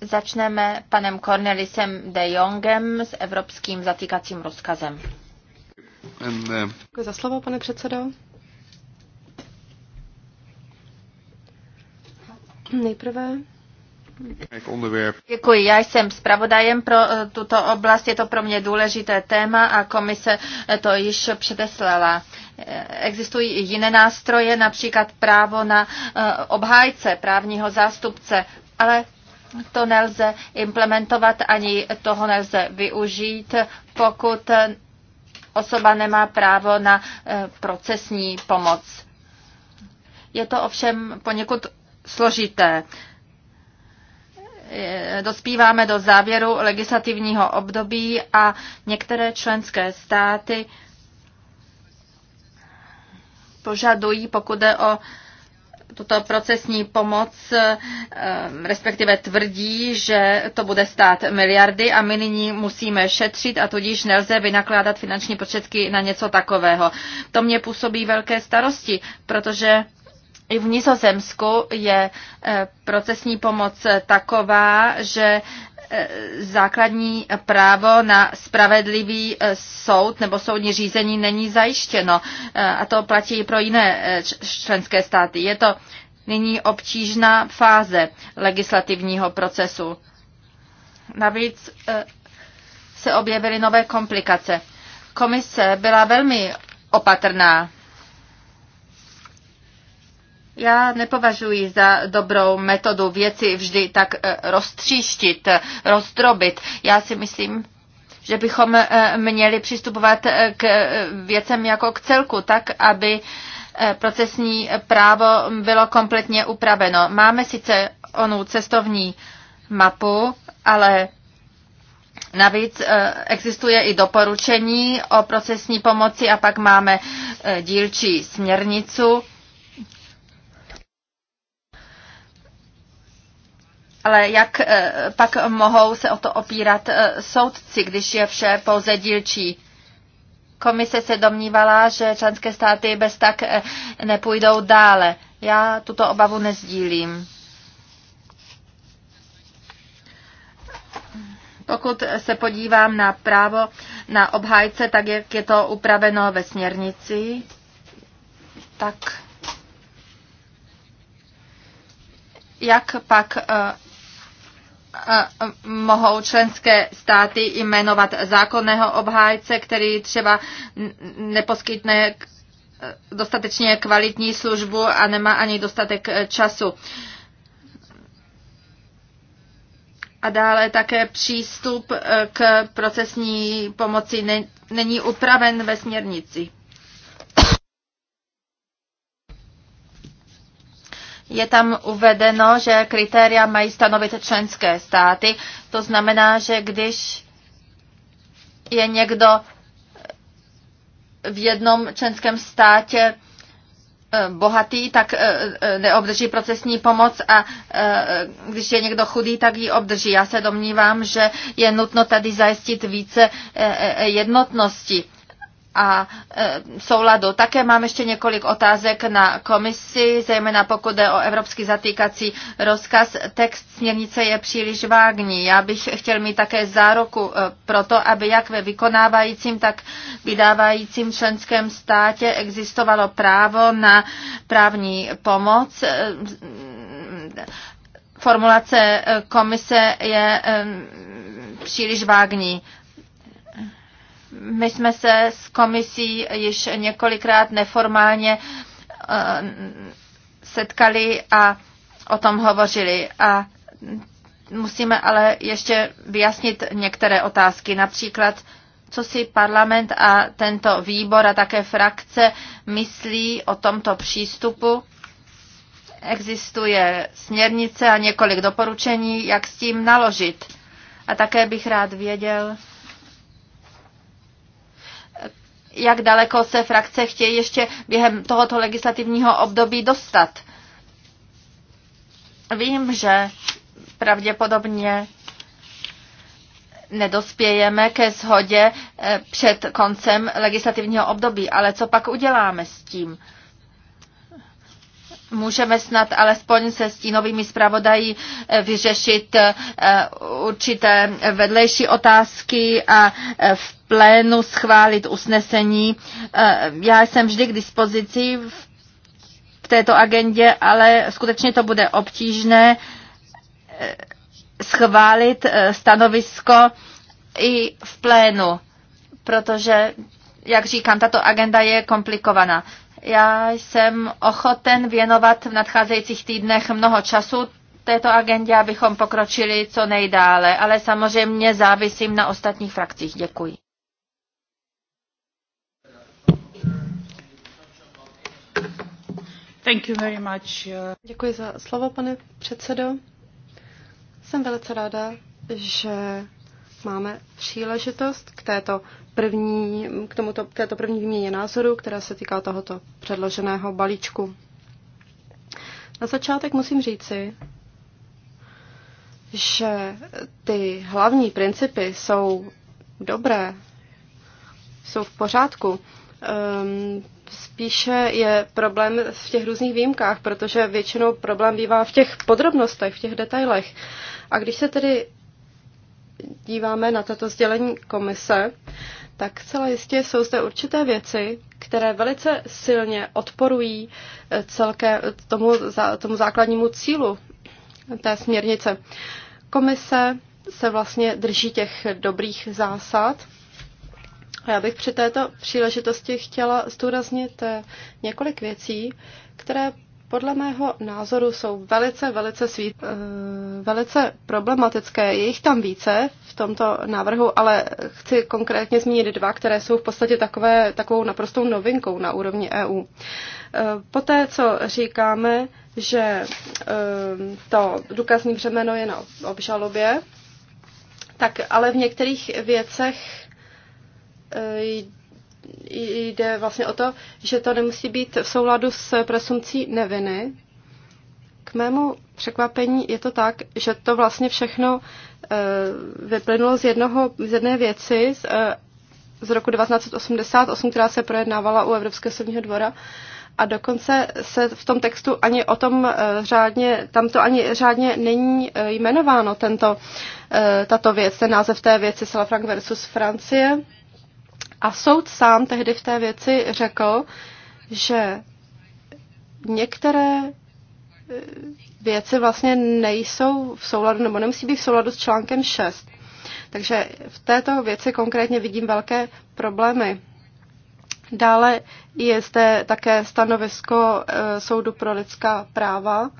Začneme panem Cornelisem de Jongem s evropským zatýkacím rozkazem. And, uh... Děkuji za slovo, pane předsedo. Nejprve Děkuji, já jsem zpravodajem pro eh, tuto oblast, je to pro mě důležité téma a komise eh, to již předeslala. Eh, existují i jiné nástroje, například právo na obhájce, právního zástupce, ale to nelze implementovat, ani toho nelze využít, pokud osoba nemá právo na eh, procesní pomoc. Je to ovšem poněkud složité. Eh, dospíváme do závěru legislativního období a některé členské státy požadují, pokud jde o tuto procesní pomoc, eh, respektive tvrdí, že to bude stát miliardy a my nyní musíme šetřit a tudíž nelze vynakládat finanční prostředky na něco takového. To mě působí velké starosti, protože i v Nizozemsku je eh, procesní pomoc taková, že základní právo na spravedlivý eh, soud nebo soudní řízení není zajištěno. Eh, a to platí i pro jiné eh, členské státy. Je to nyní obtížná fáze legislativního procesu. Navíc se objevily nové komplikace. Komise byla velmi opatrná já nepovažuji za dobrou metodu věci vždy tak eh, roztříštit, rozdrobit. Já si myslím, že bychom eh, měli přistupovat eh, k věcem jako k celku, tak aby procesní právo bylo kompletně upraveno. Máme sice onu cestovní mapu, ale Navíc existuje i doporučení o procesní pomoci a pak máme dílčí směrnicu Ale jak eh, pak mohou se o to opírat eh, soudci, když je vše pouze dílčí? Komise se domnívala, že členské státy bez tak eh, nepůjdou dále. Já tuto obavu nezdílím. Pokud se podívám na právo na obhájce, tak jak je to upraveno ve směrnici, tak jak pak Eh, mohou členské státy jmenovat zákonného obhájce, který třeba neposkytne dostatečně kvalitní službu a nemá ani dostatek eh, času. A dále také přístup eh, k procesní pomoci není upraven ve směrnici. je tam uvedeno, že kritéria mají stanovit členské státy. To znamená, že když je někdo eh, v jednom členském státě eh, bohatý, tak eh, neobdrží procesní pomoc a když je někdo chudý, tak ji obdrží. Já se domnívám, že je nutno tady zajistit více jednotnosti a e, souladu. Také mám ještě několik otázek na komisi, zejména pokud jde o evropský zatýkací rozkaz. Text směrnice je příliš vágní. Já bych chtěl mít také e, pro to, aby jak ve vykonávajícím, tak vydávajícím členském státě existovalo právo na právní pomoc. E, formulace e, komise je příliš vágní. My jsme se s komisí již několikrát neformálně eh, setkali a o tom hovořili. A musíme ale ještě vyjasnit některé otázky, například co si parlament a tento výbor a také frakce myslí o tomto přístupu. Existuje směrnice a několik doporučení, jak s tím naložit. A také bych rád věděl, jak daleko se frakce chtějí ještě během tohoto legislativního období dostat. Vím, že pravděpodobně nedospějeme ke shodě eh, před koncem legislativního období, ale co pak uděláme s tím? můžeme snad alespoň se stínovými zpravodají eh, vyřešit eh, určité vedlejší otázky a v plénu schválit usnesení. Eh, já jsem vždy k dispozici v této agendě, ale skutečně to bude obtížné eh, schválit eh, stanovisko i v plénu, protože, jak říkám, tato agenda je komplikovaná. Já jsem ochoten věnovat v nadcházejících týdnech mnoho času této agendě, abychom pokročili co nejdále, ale samozřejmě závisím na ostatních frakcích. Děkuji. Uh, Děkuji za slovo, pane předsedo. Jsem velice ráda, že máme příležitost k této první, k tomuto, k této první výměně názoru, která se týká tohoto předloženého balíčku. Na začátek musím říci, že ty hlavní principy jsou dobré, jsou v pořádku. Um, spíše je problém v těch různých výjimkách, protože většinou problém bývá v těch podrobnostech, v těch detailech. A když se tedy díváme na tato sdělení komise, tak celé jistě jsou zde určité věci, které velice silně odporují eh, celké eh, tomu, tomu základnímu cílu té směrnice. Komise se vlastně drží těch dobrých zásad, a já bych při této příležitosti chtěla zdůraznit eh, několik věcí, které podle mého názoru jsou velice, velice, svít, eh, velice problematické. Je jich tam více v tomto návrhu, ale chci konkrétně zmínit dva, které jsou v podstatě takové, takovou naprostou novinkou na úrovni EU. Eh, poté, co říkáme, že to důkazní břemeno je na obžalobě, tak ale v některých věcech Eh, jde vlastně o to, že to nemusí být v souladu s presumcí neviny. K mému překvapení je to tak, že to vlastně všechno eh, vyplynulo z, jednoho, z jedné věci z, eh, z roku 1988, která se projednávala u Evropského soudního dvora. A dokonce se v tom textu ani o tom řádně, tam to ani řádně není jmenováno, tento, tato věc, ten název té věci Salafranc versus Francie. A soud sám tehdy v té věci řekl, že některé eh, věci vlastně nejsou v souladu nebo nemusí být v souladu s článkem 6. Takže v této věci konkrétně vidím velké problémy. Dále je zde také stanovisko eh, Soudu pro lidská práva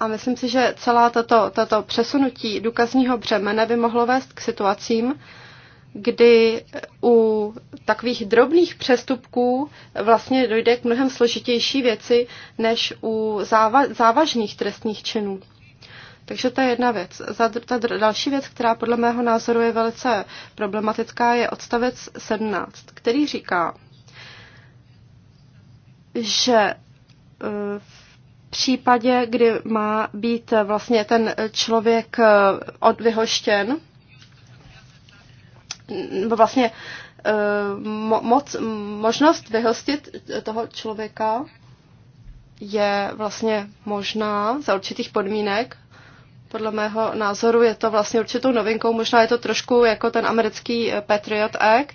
a myslím si, že celá tato, tato přesunutí důkazního břemene by mohlo vést k situacím, kdy u takových drobných přestupků vlastně dojde k mnohem složitější věci než u záva- závažných trestních činů. Takže to je jedna věc. Za, ta další věc, která podle mého názoru je velice problematická, je odstavec 17, který říká, že e, v případě, kdy má být vlastně ten člověk e, odvyhoštěn, vlastně e, mo, moc, možnost vyhostit toho člověka je vlastně možná za určitých podmínek. Podle mého názoru je to vlastně určitou novinkou, možná je to trošku jako ten americký e, Patriot Act,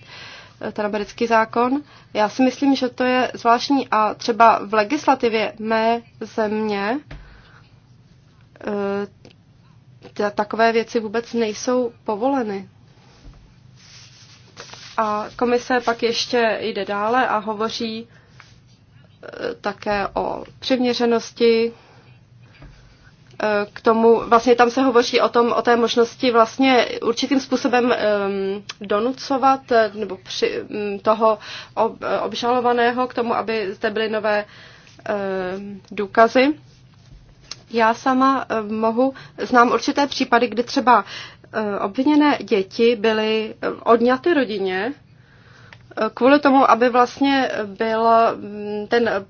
e, ten americký zákon. Já si myslím, že to je zvláštní a třeba v legislativě mé země takové věci vůbec nejsou povoleny. A komise pak ještě jde dále a hovoří eh, také o přiměřenosti. Eh, k tomu vlastně tam se hovoří o, tom, o té možnosti vlastně určitým způsobem um, donucovat eh, nebo při, um, toho ob, obžalovaného k tomu, aby zde byly nové um, důkazy. Já sama mohu, znám určité případy, kdy třeba Eh, obviněné děti byly eh, odňaty rodině eh, kvůli tomu, aby vlastně byl mm, ten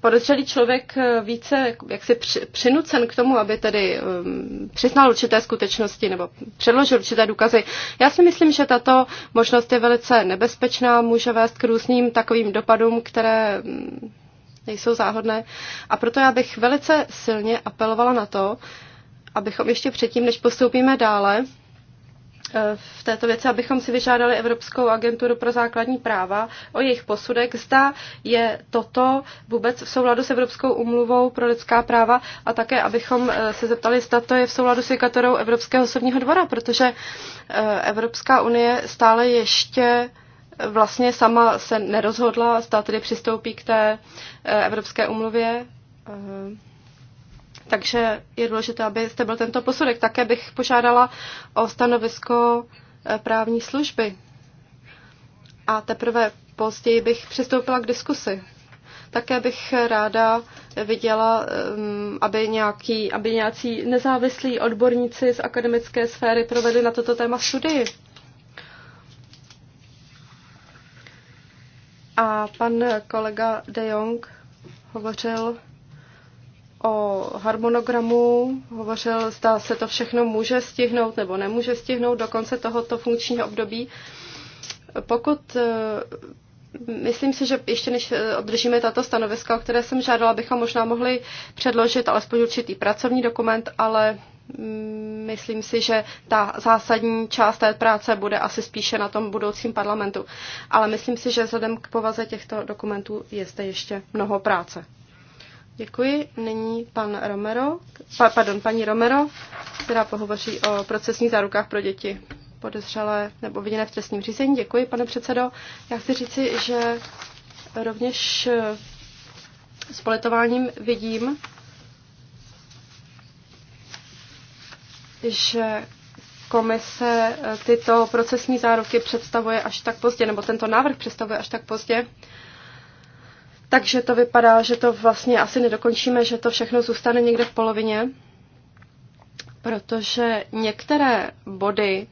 podezřelý člověk více jaksi přinucen k tomu, aby tedy mm, přiznal určité skutečnosti nebo předložil určité důkazy. Já si myslím, že tato možnost je velice nebezpečná, může vést k různým takovým dopadům, které mm, nejsou záhodné. A proto já bych velice silně apelovala na to, abychom ještě předtím, než postoupíme dále eh, v této věci, abychom si vyžádali Evropskou agenturu pro základní práva o jejich posudek, zda je toto vůbec v souladu s Evropskou umluvou pro lidská práva a také, abychom eh, se zeptali, zda to je v souladu s judikatorou Evropského soudního dvora, protože eh, Evropská unie stále ještě vlastně sama se nerozhodla, zda tedy přistoupí k té Evropské umluvě takže je důležité, abyste byl tento posudek. Také bych požádala o stanovisko eh, právní služby. A teprve později bych přistoupila k diskusi. Také bych ráda viděla, ehm, aby, nějaký, aby nějací nezávislí odborníci z akademické sféry provedli na toto téma studii. A pan kolega De Jong hovořil o harmonogramu hovořil, zda se to všechno může stihnout nebo nemůže stihnout do konce tohoto funkčního období. Pokud eh, Myslím si, že ještě než eh, obdržíme tato stanoviska, o které jsem žádala, bychom možná mohli předložit alespoň určitý pracovní dokument, ale mm, myslím si, že ta zásadní část té práce bude asi spíše na tom budoucím parlamentu. Ale myslím si, že vzhledem k povaze těchto dokumentů je zde ještě mnoho práce. Děkuji. Nyní pan Romero, pa, pardon, paní Romero, která pohovoří o procesních zárukách pro děti podezřelé nebo viděné v trestním řízení. Děkuji, pane předsedo. Já chci říci, že rovněž s politováním vidím, že komise tyto procesní záruky představuje až tak pozdě, nebo tento návrh představuje až tak pozdě. Uh, takže to vypadá, že to vlastně asi nedokončíme, že to všechno zůstane někde v polovině, protože některé body,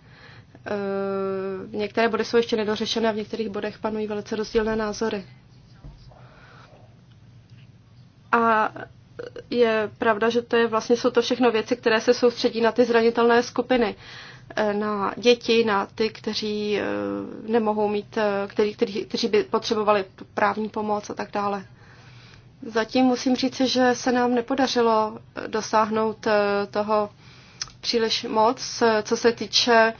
eh, některé body jsou ještě nedořešené a v některých bodech panují velice rozdílné názory. A je pravda, že to je vlastně, jsou to všechno věci, které se soustředí na ty zranitelné skupiny. Uh, na děti, na ty, kteří eh, nemohou mít, eh, který, který, kteří by potřebovali právní pomoc a tak dále. Zatím musím říci, že se nám nepodařilo eh, dosáhnout toho příliš moc, co se týče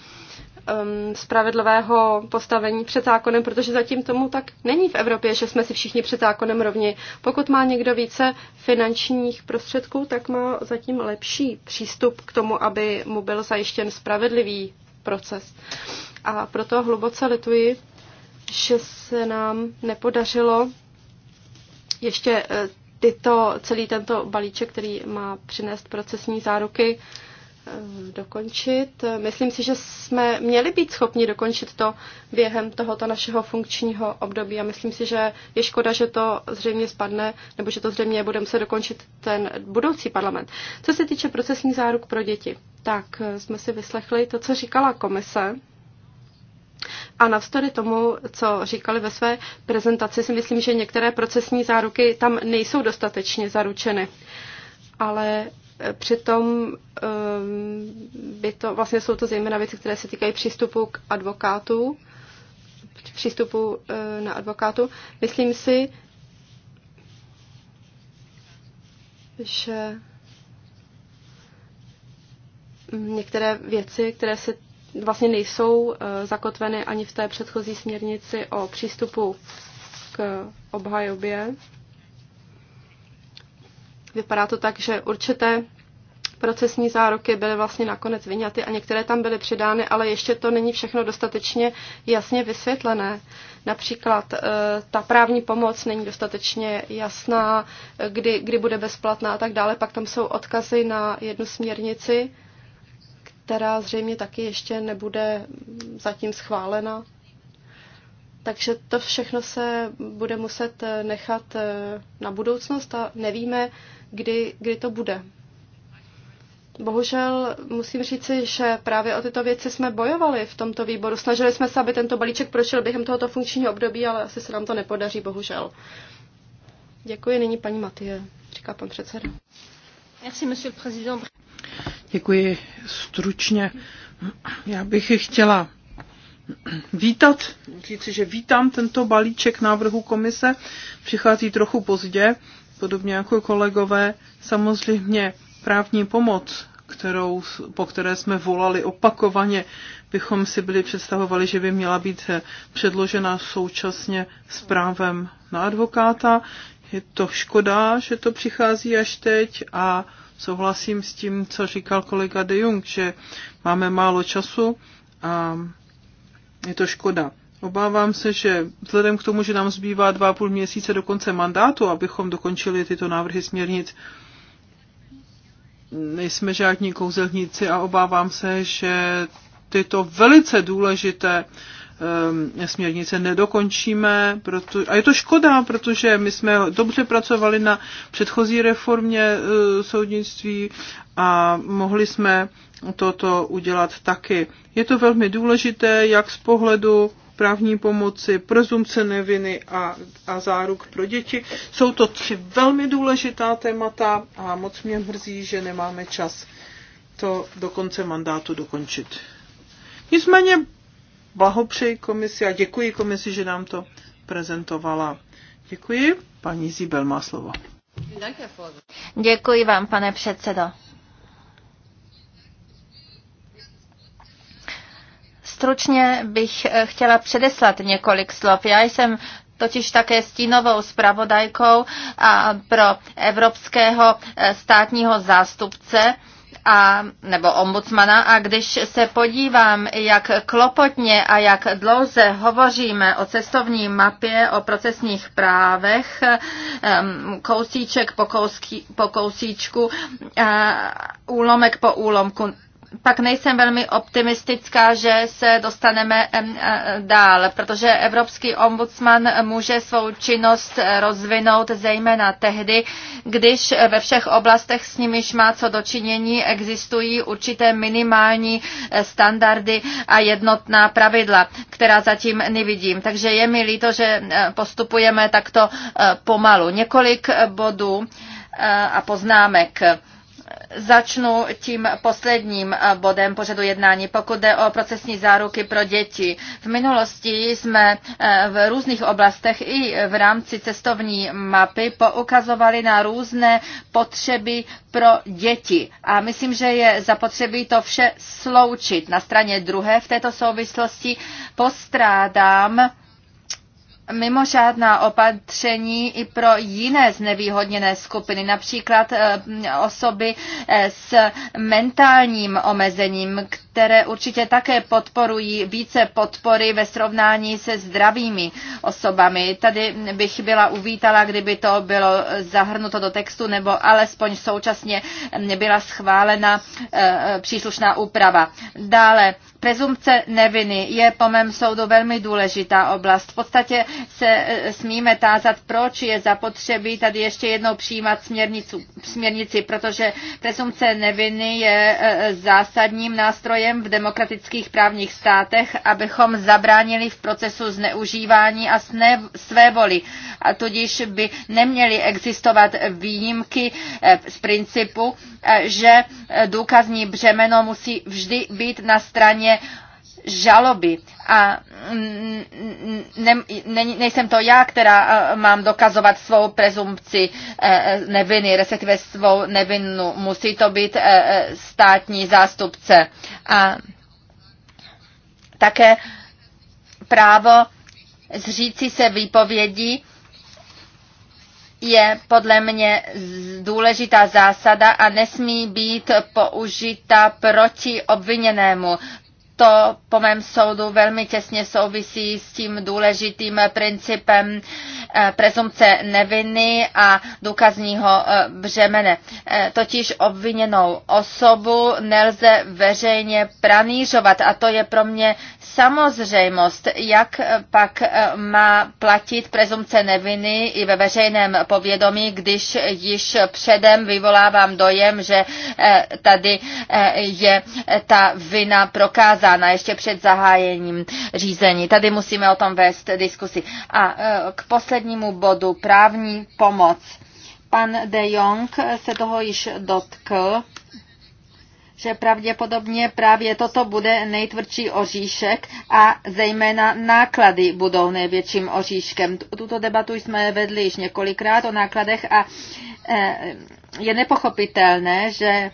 um, spravedlivého postavení před zákonem, protože zatím tomu tak není v Evropě, že jsme si všichni před zákonem rovni. Pokud má někdo více finančních prostředků, tak má zatím lepší přístup k tomu, aby mu byl zajištěn spravedlivý proces. A proto hluboce lituji, že se nám nepodařilo ještě eh, tyto, celý tento balíček, který má přinést procesní záruky, Eh, dokončit. Myslím si, že jsme měli být schopni dokončit to během tohoto našeho funkčního období a myslím si, že je škoda, že to zřejmě spadne, nebo že to zřejmě bude muset dokončit ten budoucí parlament. Co se týče procesních záruk pro děti, tak eh, jsme si vyslechli to, co říkala komise. A navzdory tomu, co říkali ve své prezentaci, si myslím, že některé procesní záruky tam nejsou dostatečně zaručeny. Ale Přitom ehm, by to, vlastně jsou to zejména věci, které se týkají přístupu k advokátu, přístupu eh, na advokátu. Myslím si, že některé věci, které se vlastně nejsou eh, zakotveny ani v té předchozí směrnici o přístupu k obhajobě, Vypadá to tak, že určité procesní zároky byly vlastně nakonec vyňaty a některé tam byly přidány, ale ještě to není všechno dostatečně jasně vysvětlené. Například eh, ta právní pomoc není dostatečně jasná, kdy, kdy bude bezplatná a tak dále. Pak tam jsou odkazy na jednu směrnici, která zřejmě taky ještě nebude zatím schválena. Takže to všechno se bude muset eh, nechat eh, na budoucnost a nevíme, kdy, kdy to bude. Bohužel musím říci, že právě o tyto věci jsme bojovali v tomto výboru. Snažili jsme se, aby tento balíček prošel během tohoto funkčního období, ale asi se nám to nepodaří, bohužel. Děkuji nyní paní Matie, říká pan předseda. Merci, monsieur le président. Děkuji stručně. Já bych chtěla vítat, říci, že vítám tento balíček návrhu komise, přichází trochu pozdě, podobně jako kolegové, samozřejmě právní pomoc, kterou, po které jsme volali opakovaně, bychom si byli představovali, že by měla být eh, předložena současně s právem na advokáta. Je to škoda, že to přichází až teď a souhlasím s tím, co říkal kolega De Jung, že máme málo času a je to škoda. Obávám se, že vzhledem k tomu, že nám zbývá dva a půl měsíce do konce mandátu, abychom dokončili tyto návrhy směrnic, nejsme žádní kouzelníci a obávám se, že tyto velice důležité ehm, směrnice nedokončíme. Proto, a je to škoda, protože my jsme dobře pracovali na předchozí reformě eh, soudnictví a mohli jsme toto udělat taky. Je to velmi důležité, jak z pohledu právní pomoci, prezumce neviny a, a záruk pro děti. Jsou to tři velmi důležitá témata a moc mě mrzí, že nemáme čas to do konce mandátu dokončit. Nicméně blahopřeji komisi a děkuji komisi, že nám to prezentovala. Děkuji. Paní Zíbel má slovo. Děkuji vám, pane předsedo. Stručně bych eh, chtěla předeslat několik slov. Já jsem totiž také stínovou zpravodajkou a eh, pro evropského eh, státního zástupce a, nebo ombudsmana a když se podívám, jak klopotně a jak dlouze hovoříme o cestovní mapě, o procesních právech, kousíček po, kousky, po kousíčku, úlomek po úlomku, pak nejsem velmi optimistická, že se dostaneme e, dál, protože Evropský ombudsman může svou činnost rozvinout zejména tehdy, když ve všech oblastech s nimiž má co dočinění, existují určité minimální e, standardy a jednotná pravidla, která zatím nevidím. Takže je mi líto, že e, postupujeme takto pomalu. Několik bodů a poznámek Začnu tím posledním eh, bodem pořadu jednání, pokud jde o procesní záruky pro děti. V minulosti jsme eh, v různých oblastech i v rámci cestovní mapy poukazovali na různé potřeby pro děti. A myslím, že je zapotřebí to vše sloučit. Na straně druhé v této souvislosti postrádám mimořádná opatření i pro jiné znevýhodněné skupiny, například eh, osoby eh, s mentálním omezením, které které určitě také podporují více podpory ve srovnání se zdravými osobami. Tady bych byla uvítala, kdyby to bylo zahrnuto do textu nebo alespoň současně byla schválena eh, příslušná úprava. Dále prezumce neviny je po mém soudu velmi důležitá oblast. V podstatě se eh, smíme tázat, proč je zapotřebí tady ještě jednou přijímat směrnici, protože prezumce neviny je eh, zásadním nástrojem zájem v demokratických právních státech, abychom zabránili v procesu zneužívání a své voli. A tudíž by neměly existovat výjimky eh, z principu, eh, že eh, důkazní břemeno musí vždy být na straně žaloby a mm, mm, ne, ne, nejsem to já, která mám dokazovat svou prezumpci e, e, neviny, respektive svou nevinu. Musí to být e, státní zástupce. A také právo zříci se výpovědi je podle mě důležitá zásada a nesmí být použita proti obviněnému to po mém soudu velmi těsně souvisí s tím důležitým principem eh, prezumce neviny a důkazního eh, břemene. Eh, totiž obviněnou osobu nelze veřejně pranířovat a to je pro mě samozřejmost, jak pak eh, má platit prezumce neviny i ve veřejném povědomí, když již předem vyvolávám dojem, že eh, tady eh, je ta vina prokázána ještě před zahájením řízení. Tady musíme o tom vést diskusi. A k poslednímu bodu právní pomoc. Pan de Jong se toho již dotkl že pravděpodobně právě toto bude nejtvrdší oříšek a zejména náklady budou největším oříškem. Tuto debatu jsme vedli již několikrát o nákladech a eh, je nepochopitelné, že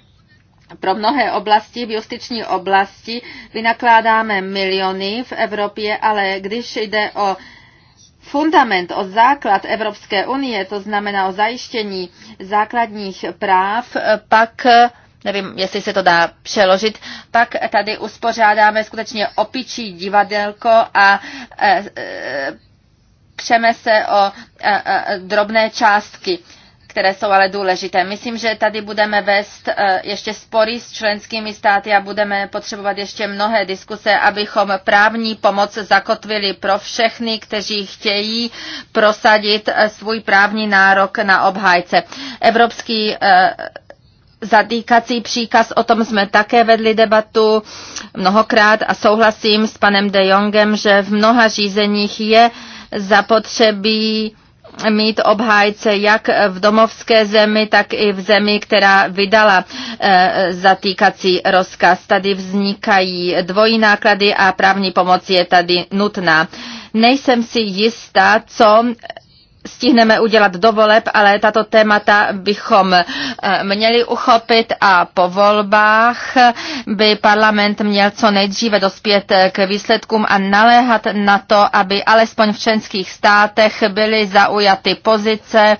pro mnohé oblasti, v justiční oblasti, vynakládáme miliony v Evropě, ale když jde o fundament, o základ Evropské unie, to znamená o zajištění základních práv, pak nevím, jestli se to dá přeložit, pak tady uspořádáme skutečně opičí divadelko a e, e, přeme se o e, drobné částky které jsou ale důležité. Myslím, že tady budeme vést ještě spory s členskými státy a budeme potřebovat ještě mnohé diskuse, abychom právní pomoc zakotvili pro všechny, kteří chtějí prosadit svůj právní nárok na obhájce. Evropský zatýkací příkaz, o tom jsme také vedli debatu mnohokrát a souhlasím s panem De Jongem, že v mnoha řízeních je zapotřebí mít obhájce jak v domovské zemi, tak i v zemi, která vydala eh, zatýkací rozkaz. Tady vznikají dvojí náklady a právní pomoc je tady nutná. Nejsem si jistá, co stihneme udělat do voleb, ale tato témata bychom eh, měli uchopit a po volbách by parlament měl co nejdříve dospět eh, k výsledkům a naléhat na to, aby alespoň v členských státech byly zaujaty pozice,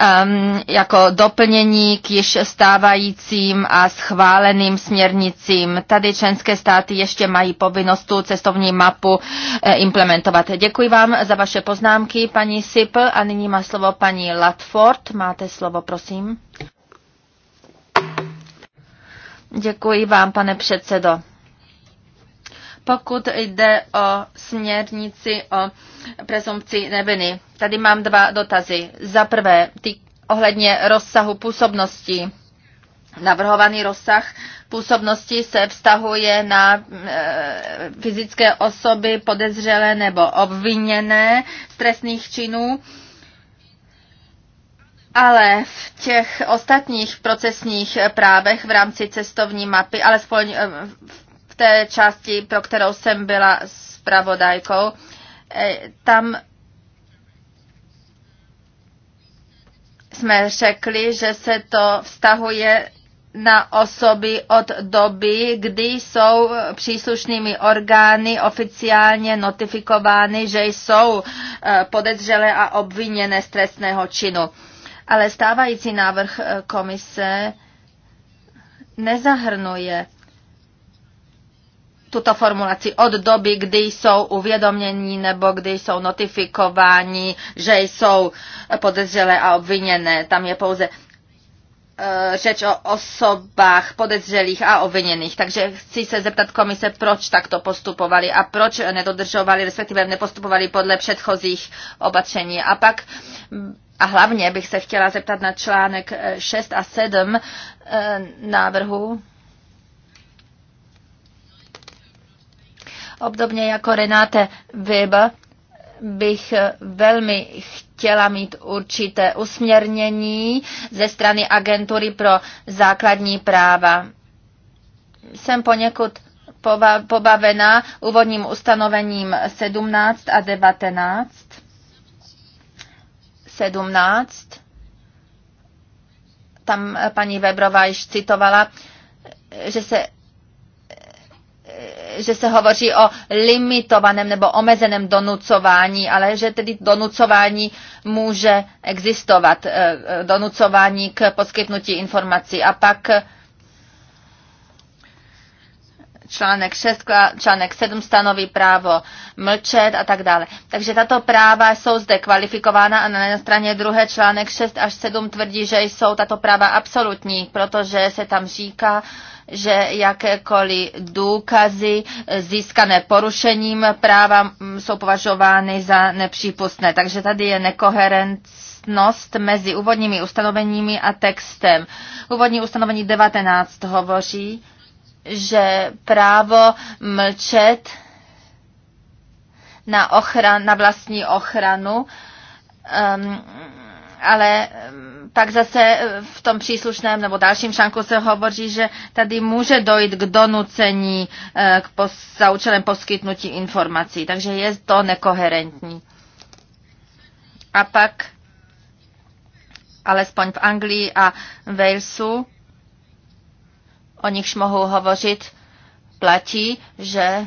Um, jako doplnění k již stávajícím a schváleným směrnicím. Tady členské státy ještě mají povinnost tu cestovní mapu eh, implementovat. Děkuji vám za vaše poznámky, paní Sipl, a nyní má slovo paní Latford. Máte slovo, prosím. Děkuji vám, pane předsedo. Pokud jde o směrnici o prezumpci neviny. Tady mám dva dotazy. Za prvé, ty ohledně rozsahu působnosti. Navrhovaný rozsah působnosti se vztahuje na e, fyzické osoby podezřelé nebo obviněné z trestných činů. Ale v těch ostatních procesních právech v rámci cestovní mapy, alespoň e, v té části, pro kterou jsem byla spravodajkou, Eh, tam jsme řekli, že se to vztahuje na osoby od doby, kdy jsou příslušnými orgány oficiálně notifikovány, že jsou eh, podezřelé a obviněné z trestného činu. Ale stávající návrh eh, komise nezahrnuje tuto formulaci od doby, kdy jsou uvědomění nebo kdy jsou notifikováni, že jsou podezřelé a obviněné. Tam je pouze eh, řeč o osobách podezřelých a obviněných. Takže chci se zeptat komise, proč takto postupovali a proč nedodržovali, respektive nepostupovali podle předchozích opatření. A pak a hlavně bych se chtěla zeptat na článek 6 a 7 eh, návrhu Obdobně jako Renate Weber bych velmi chtěla mít určité usměrnění ze strany agentury pro základní práva. Jsem poněkud pobavena úvodním ustanovením 17 a 19. 17. Tam paní Webrová již citovala, že se Eh, že se hovoří o limitovaném nebo omezeném donucování, ale že tedy donucování může existovat, eh, eh, donucování k poskytnutí informací. A pak článek 6, článek 7 stanoví právo mlčet a tak dále. Takže tato práva jsou zde kvalifikována a na straně druhé článek 6 až 7 tvrdí, že jsou tato práva absolutní, protože se tam říká, že jakékoliv důkazy získané porušením práva jsou považovány za nepřípustné. Takže tady je nekoherence mezi úvodními ustanoveními a textem. Úvodní ustanovení 19 hovoří, že právo mlčet na, ochran, na vlastní ochranu, um, ale um, pak zase e, v tom příslušném nebo dalším šanku se hovoří, že tady může dojít k donucení e, k pos, za účelem poskytnutí informací, takže je to nekoherentní. A pak, alespoň v Anglii a Walesu, o nichž mohou hovořit, platí, že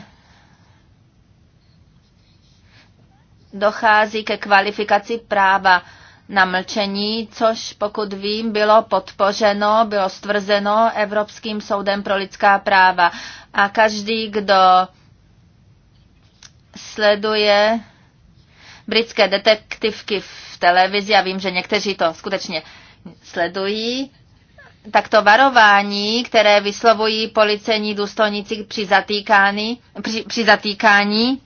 dochází ke kvalifikaci práva na mlčení, což pokud vím, bylo podpořeno, bylo stvrzeno Evropským soudem pro lidská práva. A každý, kdo sleduje britské detektivky v televizi, já vím, že někteří to skutečně sledují, tak to varování, které vyslovují policejní důstojníci při, zatýkány, při, při zatýkání,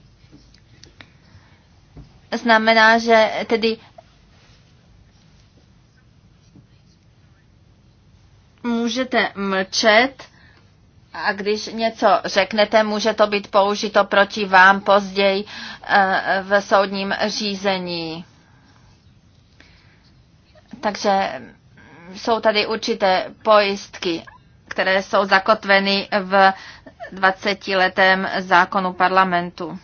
znamená, že tedy můžete mlčet a když něco řeknete, může to být použito proti vám později eh, v soudním řízení. Takže jsou tady určité pojistky, které jsou zakotveny v 20-letém zákonu parlamentu.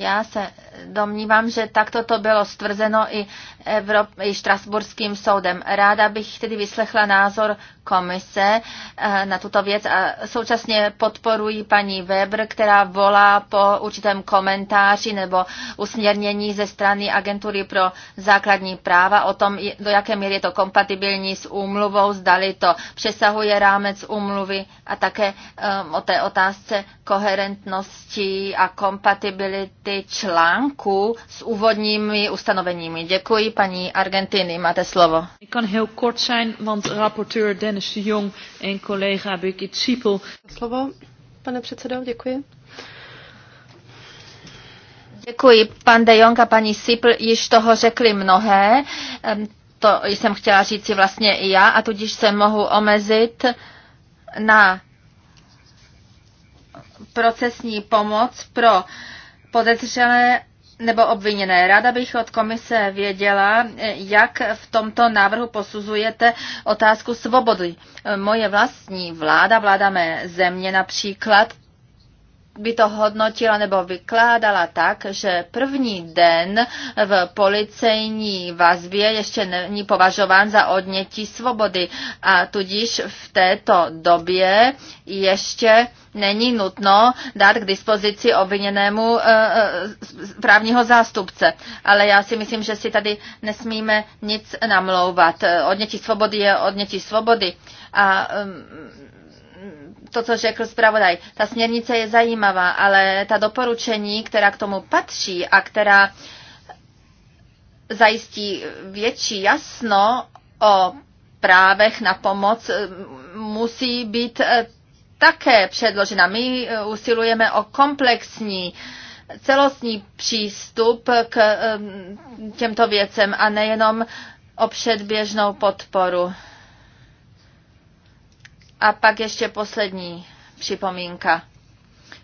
Já se domnívám, že takto to bylo stvrzeno i, Evrop, i Štrasburským soudem. Ráda bych tedy vyslechla názor komise eh, na tuto věc a současně podporuji paní Weber, která volá po určitém komentáři nebo usměrnění ze strany Agentury pro základní práva o tom, do jaké míry je to kompatibilní s úmluvou, zdali to přesahuje rámec úmluvy a také um, o té otázce koherentnosti a kompatibility texty článku s úvodními ustanoveními. Děkuji, paní Argentiny, máte slovo. Slovo, pane předsedo, děkuji. Děkuji. Pan De Jong a paní Sipl již toho řekli mnohé. To jsem chtěla říct si vlastně i já a tudíž se mohu omezit na procesní pomoc pro podezřelé nebo obviněné. Ráda bych od komise věděla, jak v tomto návrhu posuzujete otázku svobody. Moje vlastní vláda, vláda mé země například, by to hodnotila nebo vykládala tak, že první den v policejní vazbě ještě není považován za odnětí svobody a tudíž v této době ještě není nutno dát k dispozici obviněnému eh, eh, právního zástupce. Ale já si myslím, že si tady nesmíme nic namlouvat. Eh, odnětí svobody je odnětí svobody a mm, to, co řekl zpravodaj. Ta směrnice je zajímavá, ale ta doporučení, která k tomu patří a která zajistí větší jasno o právech na pomoc, eh, musí být eh, také předložena. My eh, usilujeme o komplexní celostní přístup k těmto věcem a nejenom o předběžnou podporu. A pak ještě poslední připomínka.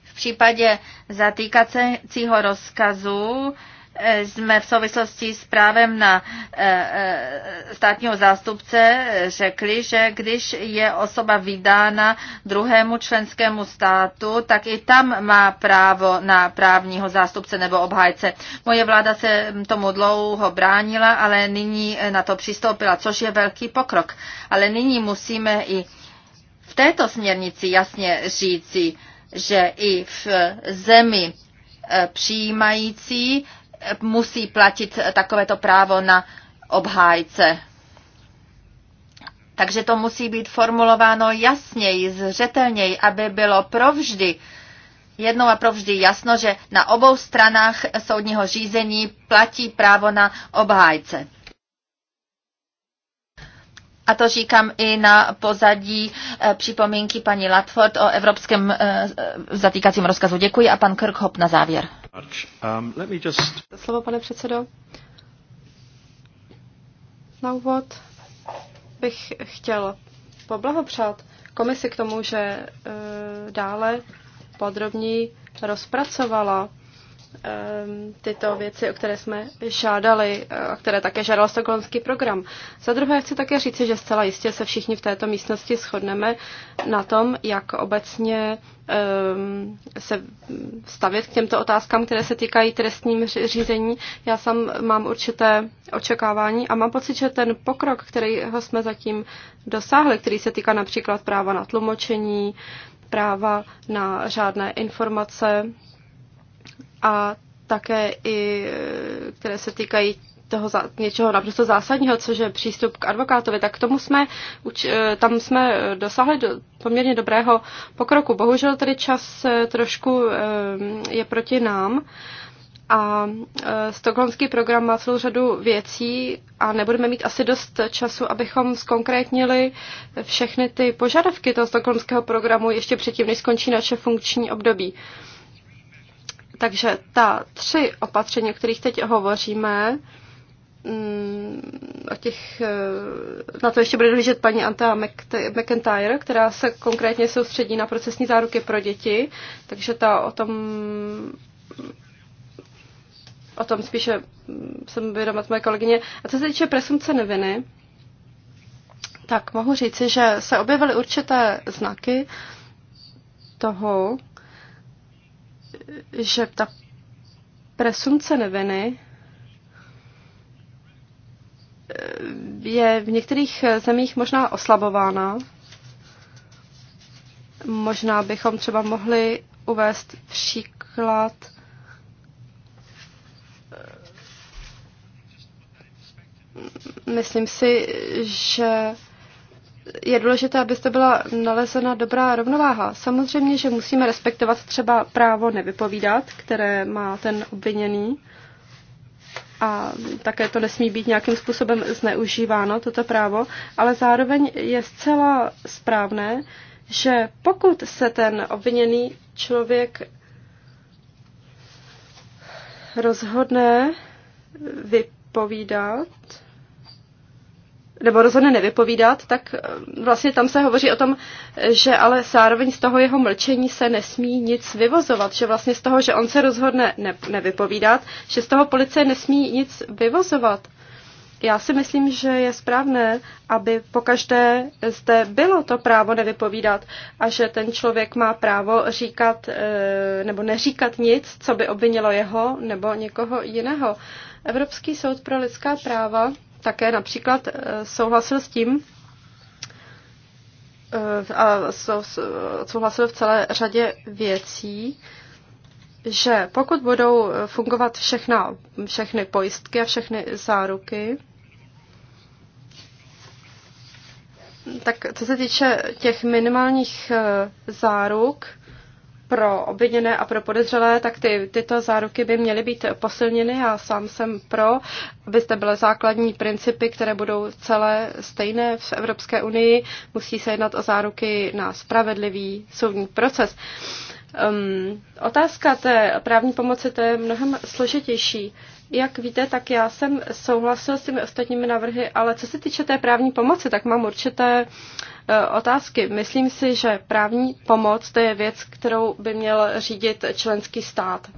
V případě zatýkacího rozkazu eh, jsme v souvislosti s právem na eh, eh, státního zástupce řekli, že když je osoba vydána druhému členskému státu, tak i tam má právo na právního zástupce nebo obhájce. Moje vláda se tomu dlouho bránila, ale nyní na to přistoupila, což je velký pokrok. Ale nyní musíme i této směrnici jasně říci, že i v zemi e, přijímající e, musí platit takovéto právo na obhájce. Takže to musí být formulováno jasněji, zřetelněji, aby bylo provždy jednou a provždy jasno, že na obou stranách soudního řízení platí právo na obhájce a to říkám i na pozadí eh, připomínky paní Latford o evropském eh, zatýkacím rozkazu. Děkuji a pan Kirkhope na závěr. Um, just... Slovo, pane předsedo. Na úvod bych chtěl poblahopřát komisi k tomu, že eh, dále podrobní rozpracovala Ehm, tyto věci, o které jsme žádali, eh, a které také žádal stokholmský program. Za druhé chci také říci, že zcela jistě se všichni v této místnosti shodneme na tom, jak obecně ehm, se stavět k těmto otázkám, které se týkají trestním řízení. Já sám mám určité očekávání a mám pocit, že ten pokrok, kterýho jsme zatím dosáhli, který se týká například práva na tlumočení, práva na řádné informace, a také i, e, které se týkají toho za, něčeho naprosto zásadního, což je přístup k advokátovi, tak k tomu jsme, e, tam jsme dosáhli do poměrně dobrého pokroku. Bohužel tedy čas e, trošku je proti nám. A stokholmský program má celou řadu věcí a nebudeme mít asi dost času, abychom zkonkrétnili všechny ty požadavky toho stokholmského programu ještě předtím, než skončí naše funkční období. Takže ta tři opatření, o kterých teď hovoříme, mm, o těch, eh, na to ještě bude dohlížet paní Antea McIntyre, která se konkrétně soustředí na procesní záruky pro děti, takže ta o tom o tom spíše mm, jsem vědoma moje kolegyně. A co se týče presumce neviny, tak mohu říci, že se objevily určité znaky toho, že ta presumce neviny eh, je v některých zemích možná oslabována. Možná bychom třeba mohli uvést příklad eh, myslím si, že je důležité, to byla nalezena dobrá rovnováha. Samozřejmě, že musíme respektovat třeba právo nevypovídat, které má ten obviněný. A také to nesmí být nějakým způsobem zneužíváno, toto právo. Ale zároveň je zcela správné, že pokud se ten obviněný člověk rozhodne vypovídat, nebo rozhodne nevypovídat, tak eh, vlastně tam se hovoří o tom, že ale zároveň z toho jeho mlčení se nesmí nic vyvozovat, že vlastně z toho, že on se rozhodne ne, nevypovídat, že z toho policie nesmí nic vyvozovat. Já si myslím, že je správné, aby pokaždé zde bylo to právo nevypovídat a že ten člověk má právo říkat eh, nebo neříkat nic, co by obvinilo jeho nebo někoho jiného. Evropský soud pro lidská práva také například eh, souhlasil s tím, eh, a souhlasil v celé řadě věcí, že pokud budou eh, fungovat všechna, všechny pojistky a všechny záruky, tak co se týče těch minimálních záruk, pro obviněné a pro podezřelé, tak ty, tyto záruky by měly být posilněny. Já sám jsem pro, aby zde byly základní principy, které budou celé stejné v Evropské unii. Musí se jednat o záruky na spravedlivý soudní proces. Um, otázka té právní pomoci to je mnohem složitější. Jak víte, tak já jsem souhlasil s těmi ostatními návrhy, ale co se týče té právní pomoci, tak mám určité e, otázky. Myslím si, že právní pomoc to je věc, kterou by měl řídit členský stát.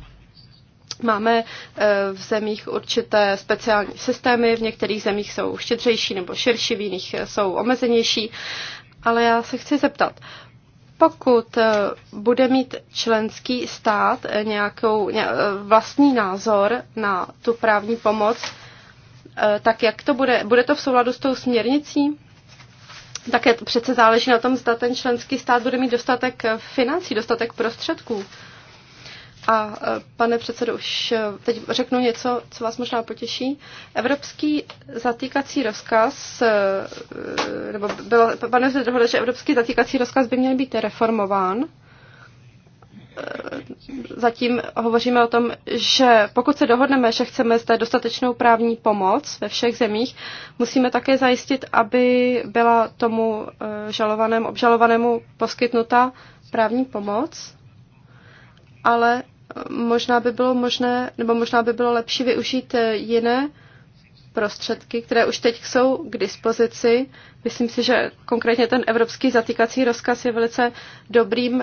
Máme e, v zemích určité speciální systémy, v některých zemích jsou štědřejší nebo širší, v jiných jsou omezenější. Ale já se chci zeptat, pokud eh, bude mít členský stát eh, nějakou, ně, eh, vlastní názor na tu právní pomoc, tak jak to bude? Bude to v souladu s tou směrnicí? Také přece záleží na tom, zda ten členský stát bude mít dostatek financí, dostatek prostředků. A e, pane předsedo, už e, teď řeknu něco, co vás možná potěší. Evropský zatýkací rozkaz, e, nebo byla, pane předsedo, dohoda, že evropský zatýkací rozkaz by měl být reformován. Zatím hovoříme o tom, že pokud se dohodneme, že chceme zde dostatečnou právní pomoc ve všech zemích, musíme také zajistit, aby byla tomu žalovanému, obžalovanému poskytnuta právní pomoc ale možná by bylo možné, nebo možná by bylo lepší využít eh, jiné prostředky, které už teď jsou k dispozici. Myslím si, že konkrétně ten evropský zatýkací rozkaz je velice dobrým,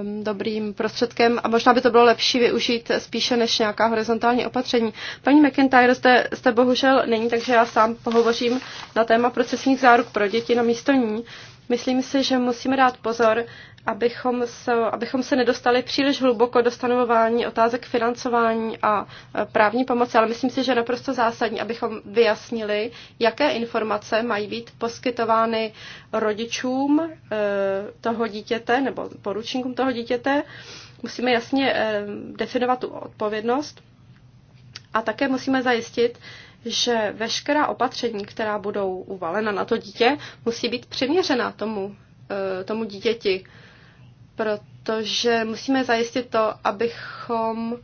um, dobrým prostředkem a možná by to bylo lepší využít spíše než nějaká horizontální opatření. Paní McIntyre, jste, jste bohužel není, takže já sám pohovořím na téma procesních záruk pro děti na místo ní. Myslím si, že musíme dát pozor, abychom se, abychom se nedostali příliš hluboko do stanovování otázek financování a e, právní pomoci, ale myslím si, že je naprosto zásadní, abychom vyjasnili, jaké informace mají být poskytovány rodičům e, toho dítěte nebo poručníkům toho dítěte. Musíme jasně e, definovat tu odpovědnost a také musíme zajistit, že veškerá opatření, která budou uvalena na to dítě, musí být přiměřená tomu, eh, tomu dítěti, protože musíme zajistit to, abychom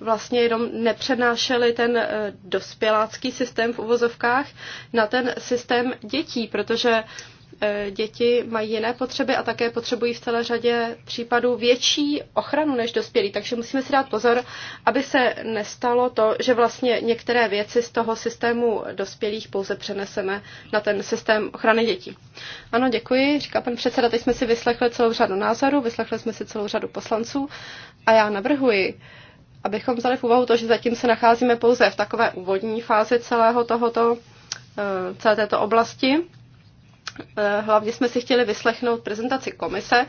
vlastně jenom nepřenášeli ten eh, dospělácký systém v uvozovkách na ten systém dětí, protože E, děti mají jiné potřeby a také potřebují v celé řadě případů větší ochranu než dospělí. Takže musíme si dát pozor, aby se nestalo to, že vlastně některé věci z toho systému dospělých pouze přeneseme na ten systém ochrany dětí. Ano, děkuji, říká pan předseda. Teď jsme si vyslechli celou řadu názorů, vyslechli jsme si celou řadu poslanců a já navrhuji, abychom vzali v úvahu to, že zatím se nacházíme pouze v takové úvodní fázi celého tohoto e, celé této oblasti. Eh, hlavně jsme si chtěli vyslechnout prezentaci komise,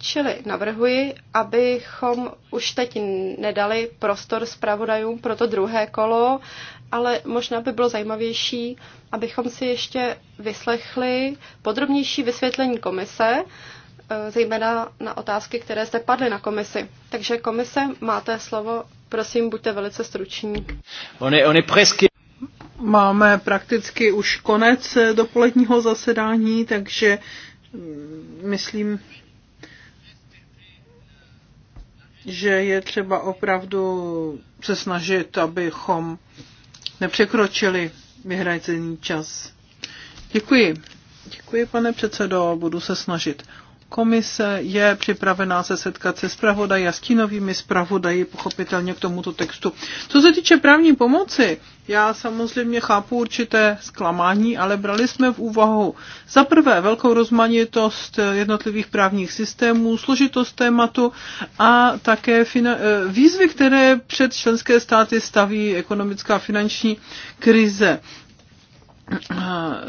Čili navrhuji, abychom už teď nedali prostor zpravodajům pro to druhé kolo, ale možná by bylo zajímavější, abychom si ještě vyslechli podrobnější vysvětlení komise, eh, zejména na otázky, které zde padly na komisi. Takže komise, máte slovo, prosím, buďte velice struční. On je, on je presky... Máme prakticky už konec dopoledního zasedání, takže mm, myslím, že je třeba opravdu se snažit, abychom nepřekročili vyhrazený čas. Děkuji. Děkuji, pane předsedo, budu se snažit. Komise je připravená se setkat se zpravodaji a stínovými zpravodaji pochopitelně k tomuto textu. Co se týče právní pomoci, já samozřejmě chápu určité zklamání, ale brali jsme v úvahu za prvé velkou rozmanitost jednotlivých právních systémů, složitost tématu a také eh, výzvy, které před členské státy staví ekonomická a finanční krize. Eh,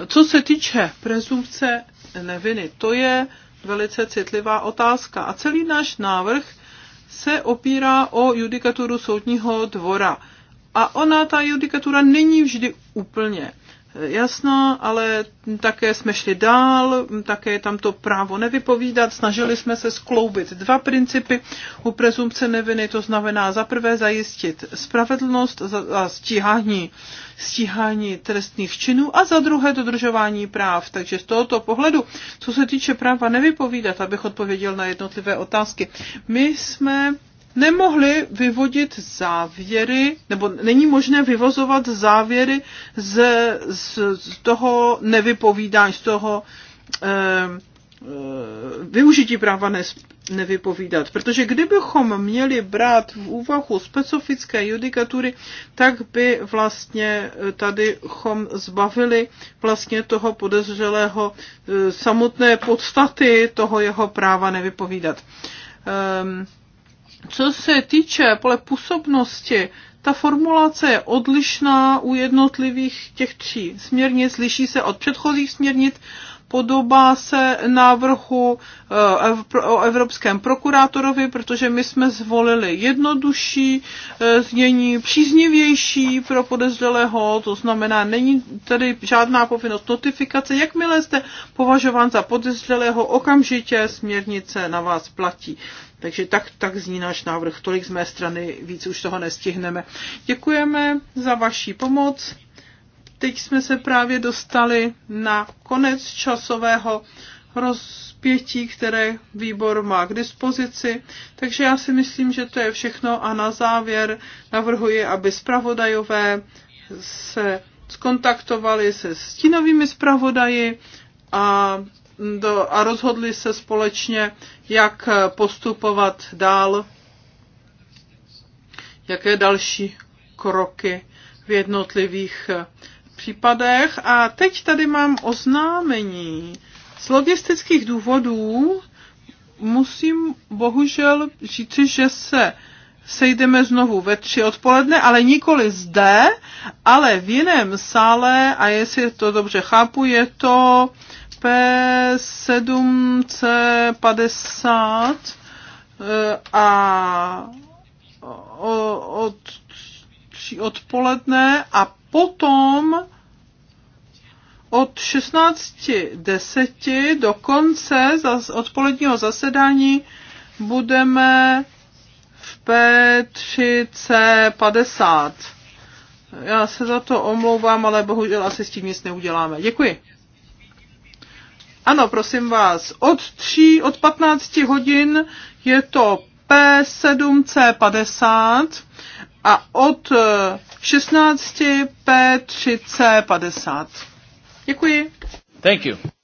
co se týče prezumce neviny, to je velice citlivá otázka. A celý náš návrh se opírá o judikaturu soudního dvora. A ona, ta judikatura, není vždy úplně jasná, ale také jsme šli dál, také je tam to právo nevypovídat, snažili jsme se skloubit dva principy u prezumpce neviny, to znamená za prvé zajistit spravedlnost a stíhání, stíhání trestných činů a za druhé dodržování práv. Takže z tohoto pohledu, co se týče práva nevypovídat, abych odpověděl na jednotlivé otázky, my jsme nemohli vyvodit závěry, nebo není možné vyvozovat závěry z, z, z toho nevypovídání, z toho e, e, využití práva ne, nevypovídat. Protože kdybychom měli brát v úvahu specifické judikatury, tak by vlastně eh, tady chom zbavili vlastně toho podezřelého e, samotné podstaty toho jeho práva nevypovídat. E, co se týče pole působnosti, ta formulace je odlišná u jednotlivých těch tří směrnic, liší se od předchozích směrnic, podobá se návrhu eh, o evropském prokurátorovi, protože my jsme zvolili jednodušší eh, znění, příznivější pro podezřelého, to znamená, není tady žádná povinnost notifikace. Jakmile jste považován za podezřelého, okamžitě směrnice na vás platí. Takže tak, tak zní náš návrh. Tolik z mé strany, víc už toho nestihneme. Děkujeme za vaši pomoc. Teď jsme se právě dostali na konec časového rozpětí, které výbor má k dispozici. Takže já si myslím, že to je všechno a na závěr navrhuji, aby zpravodajové se skontaktovali se stínovými zpravodaji a do, a rozhodli se společně, jak postupovat dál, jaké další kroky v jednotlivých případech. A teď tady mám oznámení. Z logistických důvodů musím bohužel říci, že se sejdeme znovu ve tři odpoledne, ale nikoli zde, ale v jiném sále a jestli to dobře chápu, je to P7C50 eh, a od, odpoledne a potom od 16.10 do konce odpoledního zasedání budeme v P3C50. Já se za to omlouvám, ale bohužel asi s tím nic neuděláme. Děkuji. Ano, prosím vás, od 3, od 15 hodin je to P7C50 a od 16 eh, P3C50. Děkuji. Thank you.